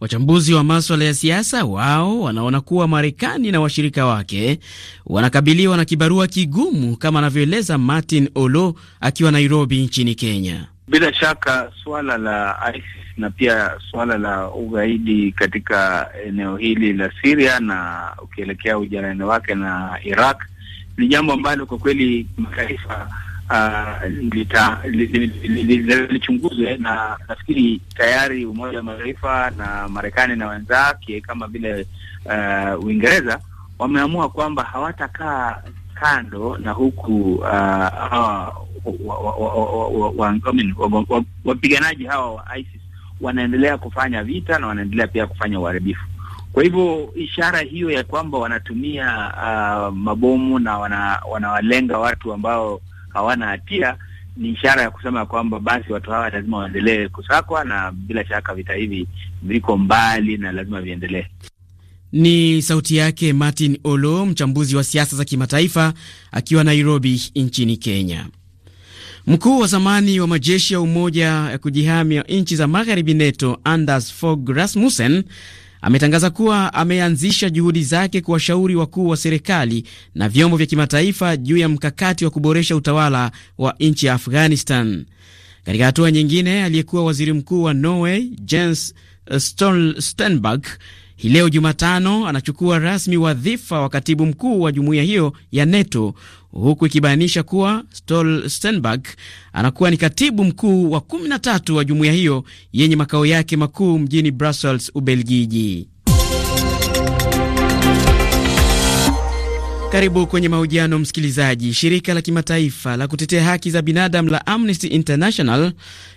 S1: Wachambuzi wa maswala ya siasa wao wanaona kuwa Marekani na washirika wake wanakabiliwa na kibarua kigumu, kama anavyoeleza Martin Olo akiwa Nairobi nchini Kenya.
S4: Bila shaka suala la ISIS na pia suala la ugaidi katika eneo hili la siria na ukielekea ujarani wake na Iraq ni jambo ambalo kwa kweli kimataifa ah, lichunguzwe, na nafikiri tayari Umoja wa Mataifa na Marekani na wenzake kama vile ah, Uingereza wameamua kwamba hawatakaa kando na huku wapiganaji hawa wa ISIS wanaendelea kufanya vita na wanaendelea pia kufanya uharibifu. Kwa hivyo ishara hiyo ya kwamba wanatumia uh, mabomu na wana, wanawalenga watu ambao hawana hatia ni ishara ya kusema kwamba basi watu hawa lazima waendelee kusakwa, na bila shaka vita hivi viko mbali na lazima viendelee.
S1: Ni sauti yake Martin Olo, mchambuzi wa siasa za kimataifa akiwa Nairobi nchini Kenya. Mkuu wa zamani wa majeshi ya umoja ya kujihami ya nchi za magharibi NATO Anders Fogh Rasmussen ametangaza kuwa ameanzisha juhudi zake kuwashauri wakuu wa serikali na vyombo vya kimataifa juu ya mkakati wa kuboresha utawala wa nchi ya Afghanistan. Katika hatua nyingine, aliyekuwa waziri mkuu wa Norway Jens Stoltenberg hii leo Jumatano anachukua rasmi wadhifa wa katibu mkuu wa jumuiya hiyo ya NATO huku ikibainisha kuwa Stoltenberg anakuwa ni katibu mkuu wa 13 wa jumuiya hiyo yenye makao yake makuu mjini Brussels, Ubelgiji. Karibu kwenye mahojiano msikilizaji. Shirika la kimataifa la kutetea haki za binadamu la Amnesty International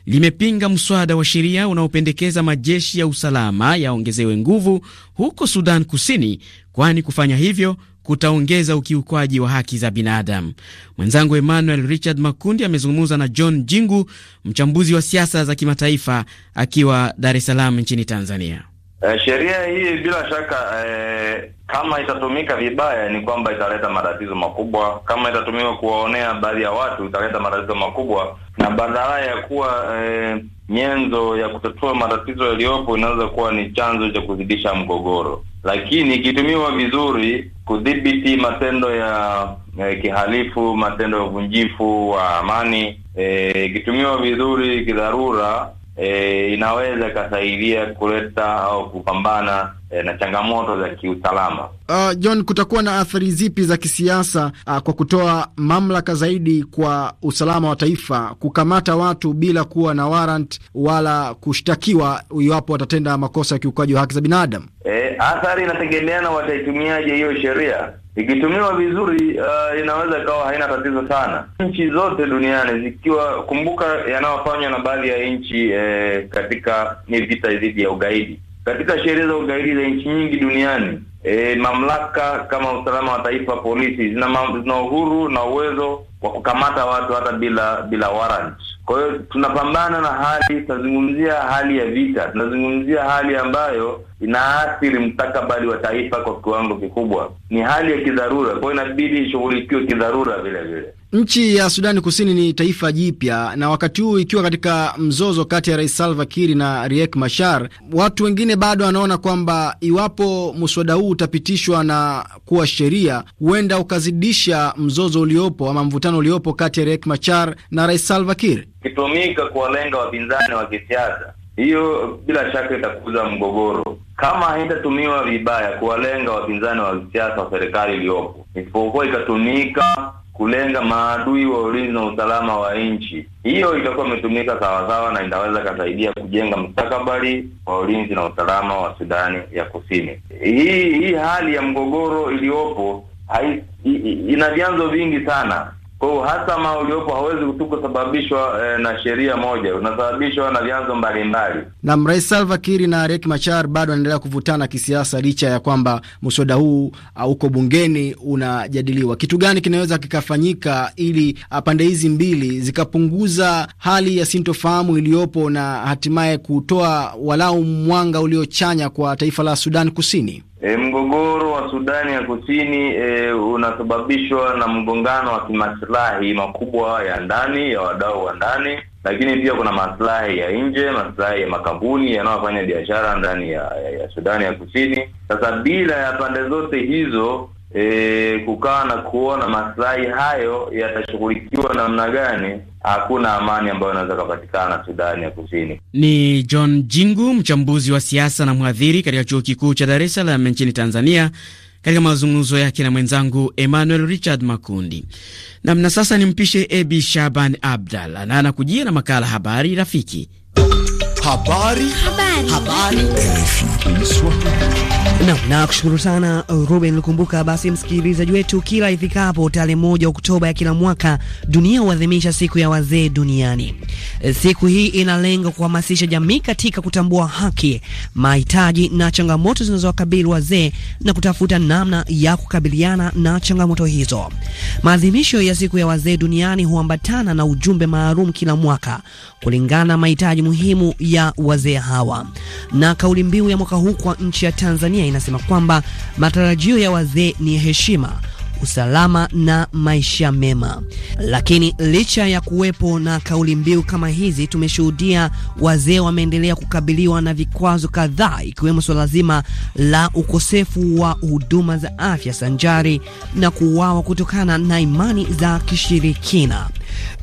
S1: limepinga mswada wa sheria unaopendekeza majeshi ya usalama yaongezewe nguvu huko Sudan Kusini, kwani kufanya hivyo kutaongeza ukiukwaji wa haki za binadamu. Mwenzangu Emmanuel Richard Makundi amezungumza na John Jingu, mchambuzi wa siasa za kimataifa, akiwa Dar es Salaam nchini Tanzania.
S8: Uh, sheria hii bila shaka uh, kama itatumika vibaya ni kwamba italeta matatizo makubwa. Kama itatumika kuwaonea baadhi ya watu, italeta matatizo makubwa, na badala ya kuwa uh, nyenzo ya kutatua matatizo yaliyopo inaweza kuwa ni chanzo cha kuzidisha mgogoro, lakini ikitumiwa vizuri kudhibiti matendo ya eh, kihalifu, matendo ya uvunjifu wa amani, eh, ikitumiwa eh, vizuri kidharura e, inaweza ikasaidia kuleta au kupambana e, na changamoto za kiusalama.
S6: Uh, John, kutakuwa na athari zipi za kisiasa uh, kwa kutoa mamlaka zaidi kwa usalama wa taifa kukamata watu bila kuwa na warrant wala kushtakiwa iwapo watatenda makosa ya kiukaji wa haki za binadamu?
S8: E, athari inategemeana wataitumiaje hiyo sheria ikitumiwa vizuri uh, inaweza ikawa haina tatizo sana. Nchi zote duniani zikiwa, kumbuka yanayofanywa na baadhi ya nchi eh, katika ni vita dhidi ya ugaidi. Katika sheria za ugaidi za nchi nyingi duniani eh, mamlaka kama usalama wa taifa, polisi zina, zina uhuru na uwezo wa kukamata watu hata bila bila warrant kwa hiyo tunapambana na hali, tunazungumzia hali ya vita, tunazungumzia hali ambayo inaathiri mstakabali wa taifa kwa kiwango kikubwa. Ni hali ya kidharura, kwa hiyo inabidi ishughulikiwe kidharura vile vile.
S6: Nchi ya Sudani Kusini ni taifa jipya, na wakati huu ikiwa katika mzozo kati ya Rais Salva Kiir na Riek Machar, watu wengine bado wanaona kwamba iwapo mswada huu utapitishwa na kuwa sheria, huenda ukazidisha mzozo uliopo ama mvutano uliopo kati ya Riek Machar na Rais Salva Kiir,
S8: ikitumika kuwalenga wapinzani wa kisiasa. Hiyo bila shaka itakuza mgogoro kama haitatumiwa vibaya kuwalenga wapinzani wa kisiasa wa serikali iliyopo, isipokuwa ikatumika kulenga maadui wa ulinzi na usalama wa nchi. Hiyo itakuwa imetumika sawasawa na inaweza ikasaidia kujenga mstakabali wa ulinzi na usalama wa Sudani ya Kusini. Hii hii hali ya mgogoro iliyopo ina vyanzo vingi sana kwa hiyo uhasama uliopo hauwezi tu kusababishwa eh, na sheria moja, unasababishwa na vyanzo mbalimbali.
S6: Na Rais Salva Kiir na Riek Machar bado anaendelea kuvutana kisiasa licha ya kwamba mswada huu ah, uko bungeni unajadiliwa. Kitu gani kinaweza kikafanyika ili ah, pande hizi mbili zikapunguza hali ya sintofahamu iliyopo na hatimaye kutoa walau mwanga uliochanya kwa taifa la Sudan Kusini?
S8: E, mgogoro wa Sudani ya Kusini e, unasababishwa na mgongano wa kimaslahi makubwa ya ndani ya wadau wa ndani, lakini pia kuna maslahi ya nje, maslahi ya makampuni yanayofanya biashara ndani ya, ya, ya Sudani ya Kusini. Sasa bila ya pande zote hizo e, kukaa na kuona maslahi hayo yatashughulikiwa namna gani, hakuna amani ambayo inaweza kupatikana Sudani ya Kusini.
S1: Ni John Jingu, mchambuzi wa siasa na mhadhiri katika chuo kikuu cha Dar es Salaam nchini Tanzania, katika mazungumzo yake na mwenzangu Emmanuel Richard Makundi. Nam, na sasa nimpishe Ebi Shaban Abdal anaana kujia na makala Habari Rafiki.
S2: Habari. Habari. Habari. Habari.
S1: Na, na kushukuru sana uh,
S15: Ruben Lukumbuka. Basi msikilizaji wetu, kila ifikapo tarehe moja Oktoba ya kila mwaka dunia huadhimisha siku ya wazee duniani. Uh, siku hii inalenga kuhamasisha jamii katika kutambua haki, mahitaji na changamoto zinazowakabili wazee na kutafuta namna ya kukabiliana na changamoto hizo. Maadhimisho ya siku ya wazee duniani huambatana na ujumbe maalum kila mwaka kulingana na mahitaji muhimu ya wazee hawa, na kauli mbiu ya mwaka huu kwa nchi ya Tanzania Tanzania inasema kwamba matarajio ya wazee ni heshima, usalama na maisha mema. Lakini licha ya kuwepo na kauli mbiu kama hizi, tumeshuhudia wazee wameendelea kukabiliwa na vikwazo kadhaa, ikiwemo suala zima la ukosefu wa huduma za afya sanjari na kuuawa kutokana na imani za kishirikina.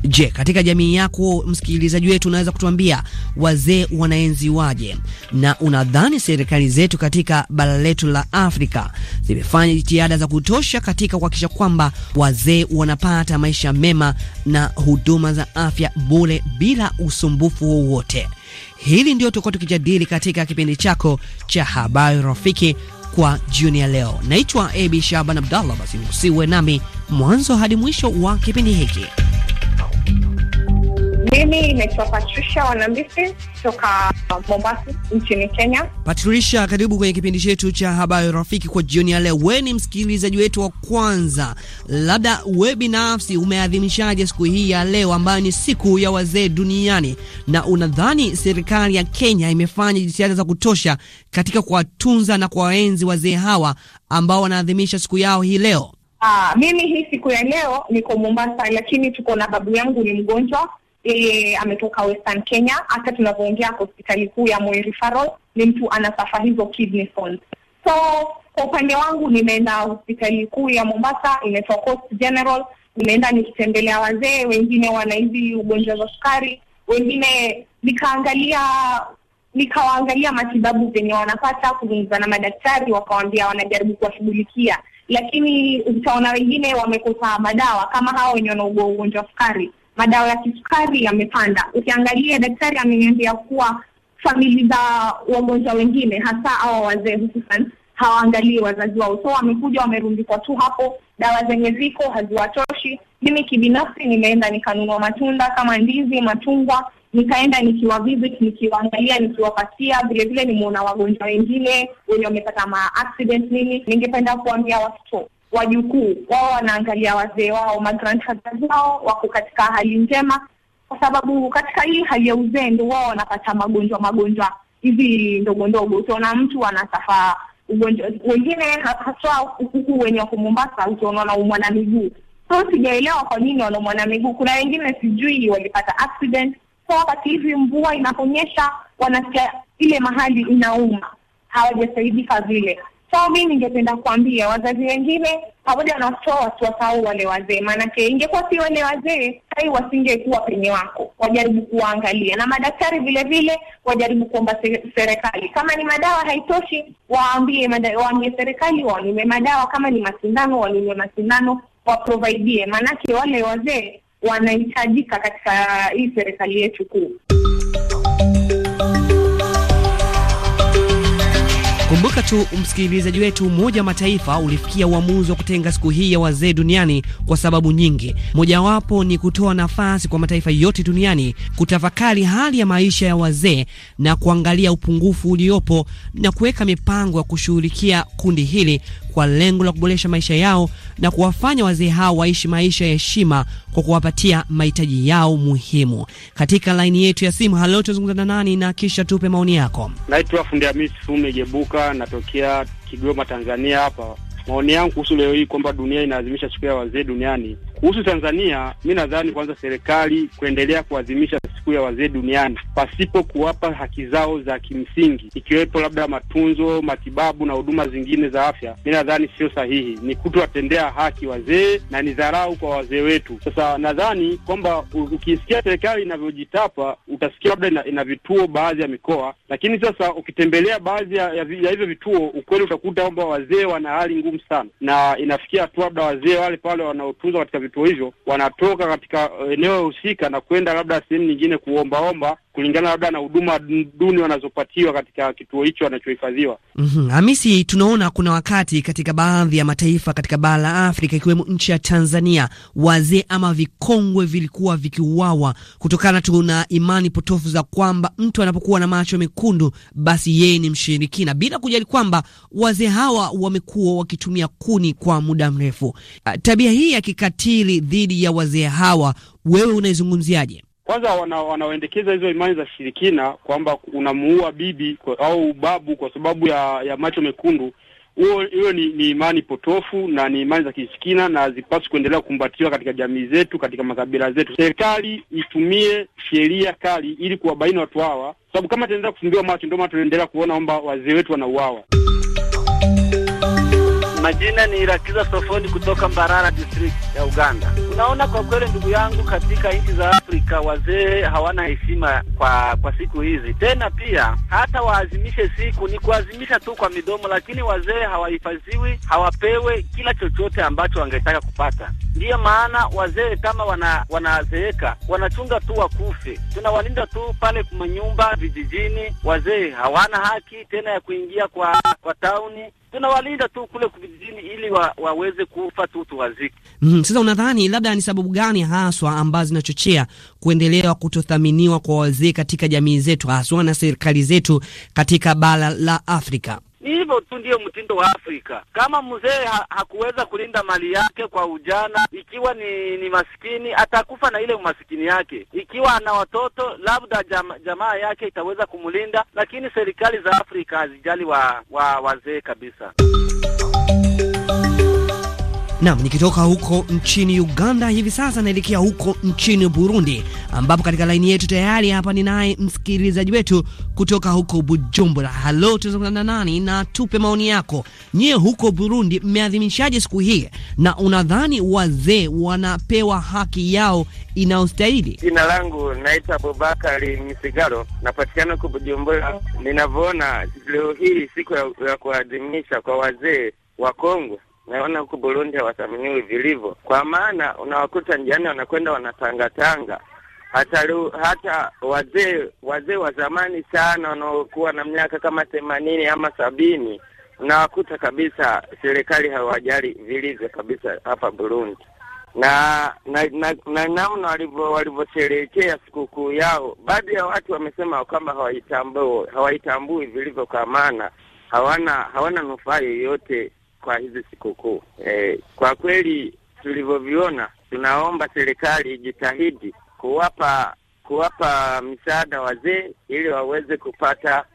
S15: Je, katika jamii yako msikilizaji wetu unaweza kutuambia wazee wanaenziwaje, na unadhani serikali zetu katika bara letu la Afrika zimefanya jitihada za kutosha katika kuhakikisha kwamba wazee wanapata maisha mema na huduma za afya bure bila usumbufu wowote? Hili ndio tulikuwa tukijadili katika kipindi chako cha habari rafiki kwa jioni ya leo. Naitwa Abi Shaban Abdallah. Basi usiwe nami mwanzo hadi mwisho wa kipindi hiki.
S10: Mimi naitwa Patricia Wanambisi kutoka Mombasa nchini Kenya.
S15: Patricia, karibu kwenye kipindi chetu cha habari rafiki kwa jioni ya leo. We ni msikilizaji wetu wa kwanza, labda we binafsi umeadhimishaje siku hii ya leo ambayo ni siku ya wazee duniani, na unadhani serikali ya Kenya imefanya jitihada za kutosha katika kuwatunza na kuwaenzi wazee hawa ambao wanaadhimisha siku yao hii leo?
S10: Aa, ah, mimi hii siku ya leo niko Mombasa, lakini tuko na babu yangu ni mgonjwa yeye ametoka Western Kenya. Hata tunavyoongea hospitali kuu ya Moi Referral ni mtu anasafa hizo kidney stones. So kwa upande wangu nimeenda hospitali kuu ya Mombasa inaitwa Coast General, nimeenda nikitembelea wazee wengine wana hizi ugonjwa za sukari, wengine nikaangalia nikawaangalia matibabu zenye wanapata, kuzungumza na madaktari, wakawambia wanajaribu kuwashughulikia lakini utaona wengine wamekosa madawa kama hao wenye wanaugua ugonjwa wa sukari, madawa ya kisukari yamepanda. Ukiangalia, daktari ameniambia kuwa famili za wagonjwa wengine hasa awa wazee hususan hawaangalii wazazi wao, so wamekuja wamerundikwa tu hapo, dawa zenye ziko haziwatoshi. Mimi kibinafsi nimeenda nikanunua matunda kama ndizi, machungwa nikaenda visit nikiwaangalia, nikiwapatia. Vilevile nimeona wagonjwa wengine wenye wamepata ma accident nini. Ningependa kuambia watoto wajukuu wao wanaangalia wazee wao, magrandfather zao wako katika hali njema, kwa sababu katika hii hali ya uzee ndo wao wanapata magonjwa magonjwa hivi ndogo ndogo. Utaona mtu anasafa ugonjwa, wengine haswa huku wenye wako Mombasa, utaona na miguu. So sijaelewa kwa nini wanaumwa na miguu. Kuna wengine sijui walipata accident wakati hivi mvua inaponyesha wanasikia ile mahali inauma, hawajasaidika vile. So mi ningependa kuambia wazazi wengine pamoja na watoto wasiwasahau wale wazee, maanake ingekuwa si wale wazee sai wasingekuwa penye wako. Wajaribu kuwaangalia, na madaktari vile vile wajaribu kuomba serikali, kama ni madawa haitoshi, waambie waambie serikali wanume madawa, kama ni masindano wanume masindano, waprovaidie, maanake wale wazee wanahitajika katika hii serikali yetu kuu.
S15: Kumbuka tu msikilizaji wetu, Umoja wa Mataifa ulifikia uamuzi wa kutenga siku hii ya wazee duniani kwa sababu nyingi. Mojawapo ni kutoa nafasi kwa mataifa yote duniani kutafakari hali ya maisha ya wazee na kuangalia upungufu uliopo na kuweka mipango ya kushughulikia kundi hili kwa lengo la kuboresha maisha yao na kuwafanya wazee hao waishi maisha ya heshima kwa kuwapatia mahitaji yao muhimu. Katika laini yetu ya simu, halo, tunazungumza na nani na kisha tupe maoni yako.
S14: Naitwa Fundi Hamisi Fume Jebuka, natokea Kigoma, Tanzania. Hapa maoni yangu kuhusu leo hii kwamba dunia inaadhimisha siku ya wazee duniani. Kuhusu Tanzania, mi nadhani kwanza serikali kuendelea kuadhimisha siku ya wazee duniani pasipo kuwapa haki zao za kimsingi, ikiwepo labda matunzo, matibabu na huduma zingine za afya, mi nadhani sio sahihi. Ni kutowatendea haki wazee na ni dharau kwa wazee wetu. Sasa nadhani kwamba ukisikia serikali inavyojitapa utasikia labda ina, ina vituo baadhi ya mikoa, lakini sasa ukitembelea baadhi ya, ya, ya hivyo vituo, ukweli utakuta kwamba wazee wana hali ngumu sana, na inafikia hatua labda wazee wale pale wanaotunzwa katika vituo hivyo wanatoka katika eh, eneo husika na kwenda labda sehemu nyingine wengine kuombaomba kulingana labda na huduma duni wanazopatiwa katika kituo hicho wanachohifadhiwa.
S15: mm -hmm. Hamisi, tunaona kuna wakati katika baadhi ya mataifa katika bara la Afrika ikiwemo nchi ya Tanzania, wazee ama vikongwe vilikuwa vikiuawa kutokana tu na imani potofu za kwamba mtu anapokuwa na macho mekundu basi yeye ni mshirikina, bila kujali kwamba wazee hawa wamekuwa wakitumia kuni kwa muda mrefu. Ah, tabia hii ya kikatili dhidi ya wazee hawa wewe unaizungumziaje?
S14: kwanza wanaoendekeza hizo imani za shirikina kwamba unamuua bibi kwa, au babu kwa sababu ya, ya macho mekundu, hiyo ni, ni imani potofu na ni imani za kishikina na hazipaswi kuendelea kukumbatiwa katika jamii zetu, katika makabila zetu. Serikali itumie sheria kali ili kuwabaini watu hawa, sababu kama tunaendelea kufumbiwa macho,
S4: ndio maana tunaendelea kuona kwamba wazee wetu wanauawa. Majina ni rakiza Sofoni kutoka Mbarara district ya Uganda. Unaona, kwa kweli ndugu yangu, katika nchi za Afrika wazee hawana heshima kwa kwa siku hizi tena. Pia hata waazimishe siku ni kuazimisha tu kwa midomo, lakini wazee hawahifadhiwi, hawapewe kila chochote ambacho wangetaka kupata. Ndiyo maana wazee kama wana, wanazeeka wanachunga tu wakufe, tunawalinda tu pale manyumba vijijini. Wazee hawana haki tena ya kuingia kwa kwa tauni tunawalinda tu kule vijijini ili wa, waweze kufa tu tuwazike.
S15: Mm, sasa unadhani labda ni sababu gani haswa ambazo zinachochea kuendelea kutothaminiwa kwa wazee katika jamii zetu haswa na serikali zetu katika bara la Afrika?
S4: Ni hivyo tu, ndiyo mtindo wa Afrika. Kama mzee ha hakuweza kulinda mali yake kwa ujana, ikiwa ni, ni masikini, atakufa na ile umasikini yake. Ikiwa ana watoto, labda jam jamaa yake itaweza kumlinda, lakini serikali za Afrika hazijali wa, wa wazee kabisa.
S15: Nam, nikitoka huko nchini Uganda hivi sasa naelekea huko nchini Burundi, ambapo katika laini yetu tayari hapa ninaye msikilizaji wetu kutoka huko Bujumbura. Halo, tuzungumza nani na tupe maoni yako. Nyie huko Burundi mmeadhimishaje siku hii, na unadhani wazee wanapewa haki yao inayostahili?
S13: Jina langu naitwa Abubakari Misigaro, napatikana huko Bujumbura. Ninavyoona leo hii siku ya, ya kuadhimisha kwa wazee wa Kongo naona huku Burundi hawathaminiwi vilivyo, kwa maana unawakuta njiani wanakwenda wanatangatanga hata hata wazee wazee wa zamani sana wanaokuwa na miaka kama themanini ama sabini unawakuta kabisa serikali hawajali vilivyo kabisa hapa Burundi, na na na namna walivyosherehekea sikukuu yao, baadhi ya watu wamesema kwamba hawaitambui hawaitambui vilivyo, kwa maana hawana hawana nufaa yoyote kwa hizi sikukuu e, kwa kweli tulivyoviona, tunaomba serikali ijitahidi kuwapa kuwapa msaada wazee ili waweze kupata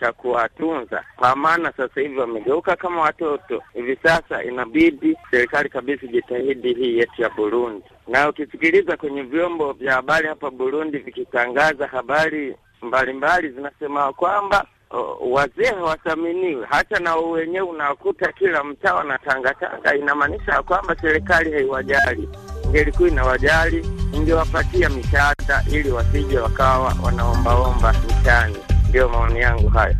S13: cha kuwatunza, kwa maana sasa hivi wamegeuka kama watoto. Hivi sasa inabidi serikali kabisa ijitahidi hii yetu ya Burundi, na ukisikiliza kwenye vyombo vya habari hapa Burundi vikitangaza habari mbalimbali mbali, zinasema kwamba Uh, wazee hawathaminiwi, hata na wenyewe unakuta kila mtaa wanatangatanga. Inamaanisha kwamba serikali haiwajali. Ingelikuwa inawajali, ingewapatia misaada ili wasije wakawa wanaombaomba mtaani. Ndiyo maoni yangu hayo.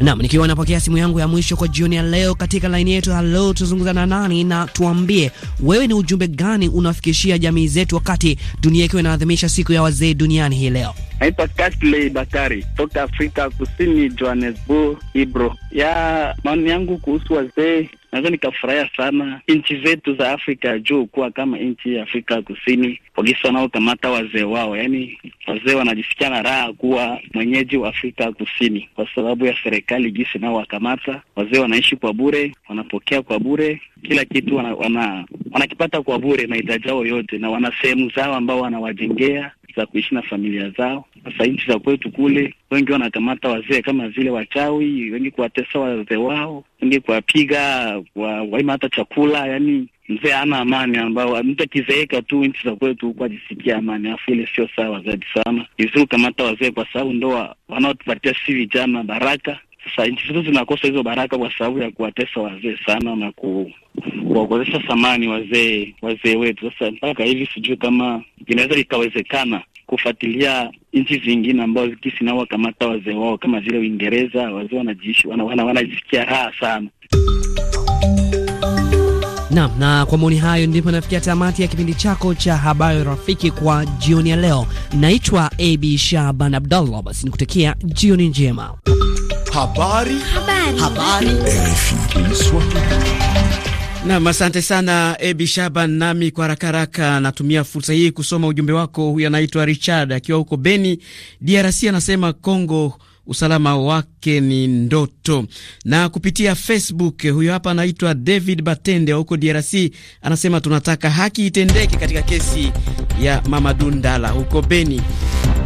S15: Naam, nikiwa napokea simu yangu ya mwisho kwa jioni ya leo katika laini yetu halo, tuzungumza na nani na tuambie wewe ni ujumbe gani unafikishia jamii zetu wakati dunia ikiwa inaadhimisha siku ya wazee duniani hii leo?
S4: Naitwa Casley Bakari toka Afrika Kusini, Johannesburg, Ibro. Ya maoni yangu kuhusu wazee naweza nikafurahia sana nchi zetu za Afrika ya juu kuwa kama nchi ya Afrika ya Kusini, wagisi wanaokamata wazee wao, yaani wazee wanajisikia na raha kuwa mwenyeji wa Afrika ya Kusini kwa sababu ya serikali gisi nao wakamata wazee, wanaishi kwa bure, wanapokea kwa bure, kila kitu wana, wana, wanakipata kwa bure mahitaji yao yote, na wana sehemu zao ambao wanawajengea za kuishi na familia zao. Sasa nchi za kwetu kule, wengi wanakamata wazee kama vile wachawi, wengi kuwatesa wazee wao, wengi kuwapiga, kuwaima hata chakula. Yani mzee ana amani, ambao mtu akizeeka tu nchi za kwetu huku ajisikia amani, alafu ile sio sawa zaidi sana. Vizuri kamata wazee, kwa sababu ndo wanaotupatia si vijana baraka sasa nchi zetu zinakosa hizo baraka kwa sababu ya kuwatesa wazee sana na ku, kuwakozesha wazee wazee wetu. Sasa mpaka hivi sijui kama inaweza ikawezekana kufuatilia nchi zingine nao wakamata wazee wao kama vile Uingereza. Wazee wanajiishi wanajisikia wana, wana raha sana.
S15: Naam, na kwa maoni hayo ndipo nafikia tamati ya kipindi chako cha habari rafiki kwa jioni ya leo. Naitwa AB Shaban Abdallah, basi nikutakia jioni njema.
S2: Habari. Habari. Habari.
S1: Nam, asante sana Ebi Shaban. Nami kwa haraka haraka natumia fursa hii kusoma ujumbe wako. Huyu anaitwa Richard akiwa huko Beni, DRC, anasema congo usalama wake yake ni ndoto. Na kupitia Facebook, huyo hapa anaitwa David Batende huko DRC, anasema tunataka haki itendeke katika kesi ya Mamadou Ndala huko Beni.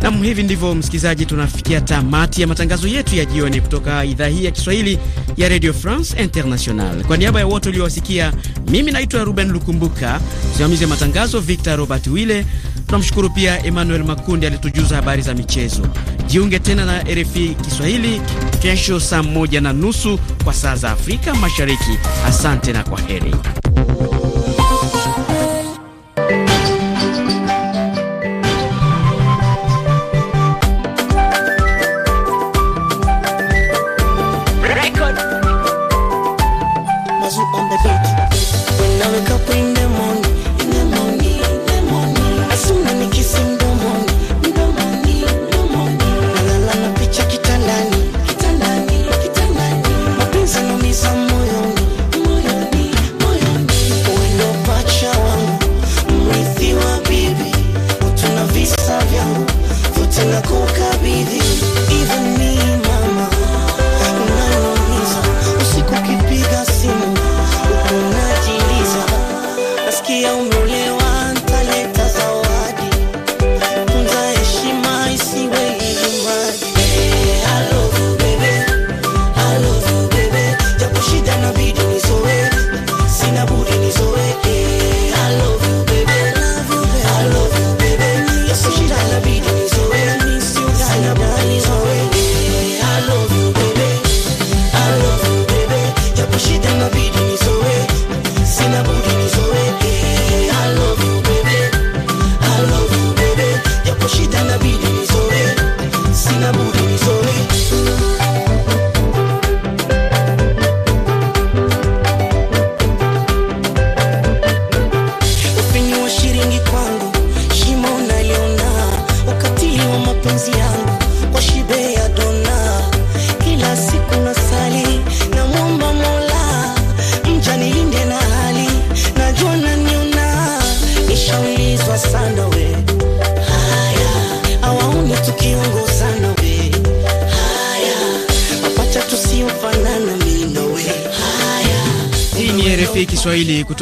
S1: Nam, hivi ndivyo msikilizaji, tunafikia tamati ya matangazo yetu ya jioni kutoka idhaa hii ya Kiswahili ya Radio France International. Kwa niaba ya wote uliowasikia, mimi naitwa Ruben Lukumbuka, msimamizi wa matangazo Victor Robert Wille. Tunamshukuru pia Emmanuel Makundi alitujuza habari za michezo. Jiunge tena na RFI Kiswahili kesho saa moja na nusu kwa saa za Afrika Mashariki. Asante na kwa heri.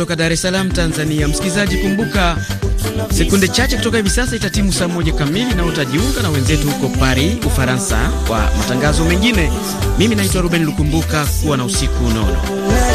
S1: kutoka Dar es Salaam, Tanzania. Msikilizaji, kumbuka sekunde chache kutoka hivi sasa itatimu saa moja kamili na utajiunga na wenzetu huko Paris, Ufaransa, kwa matangazo mengine. Mimi naitwa Ruben Lukumbuka. Kuwa na usiku unono.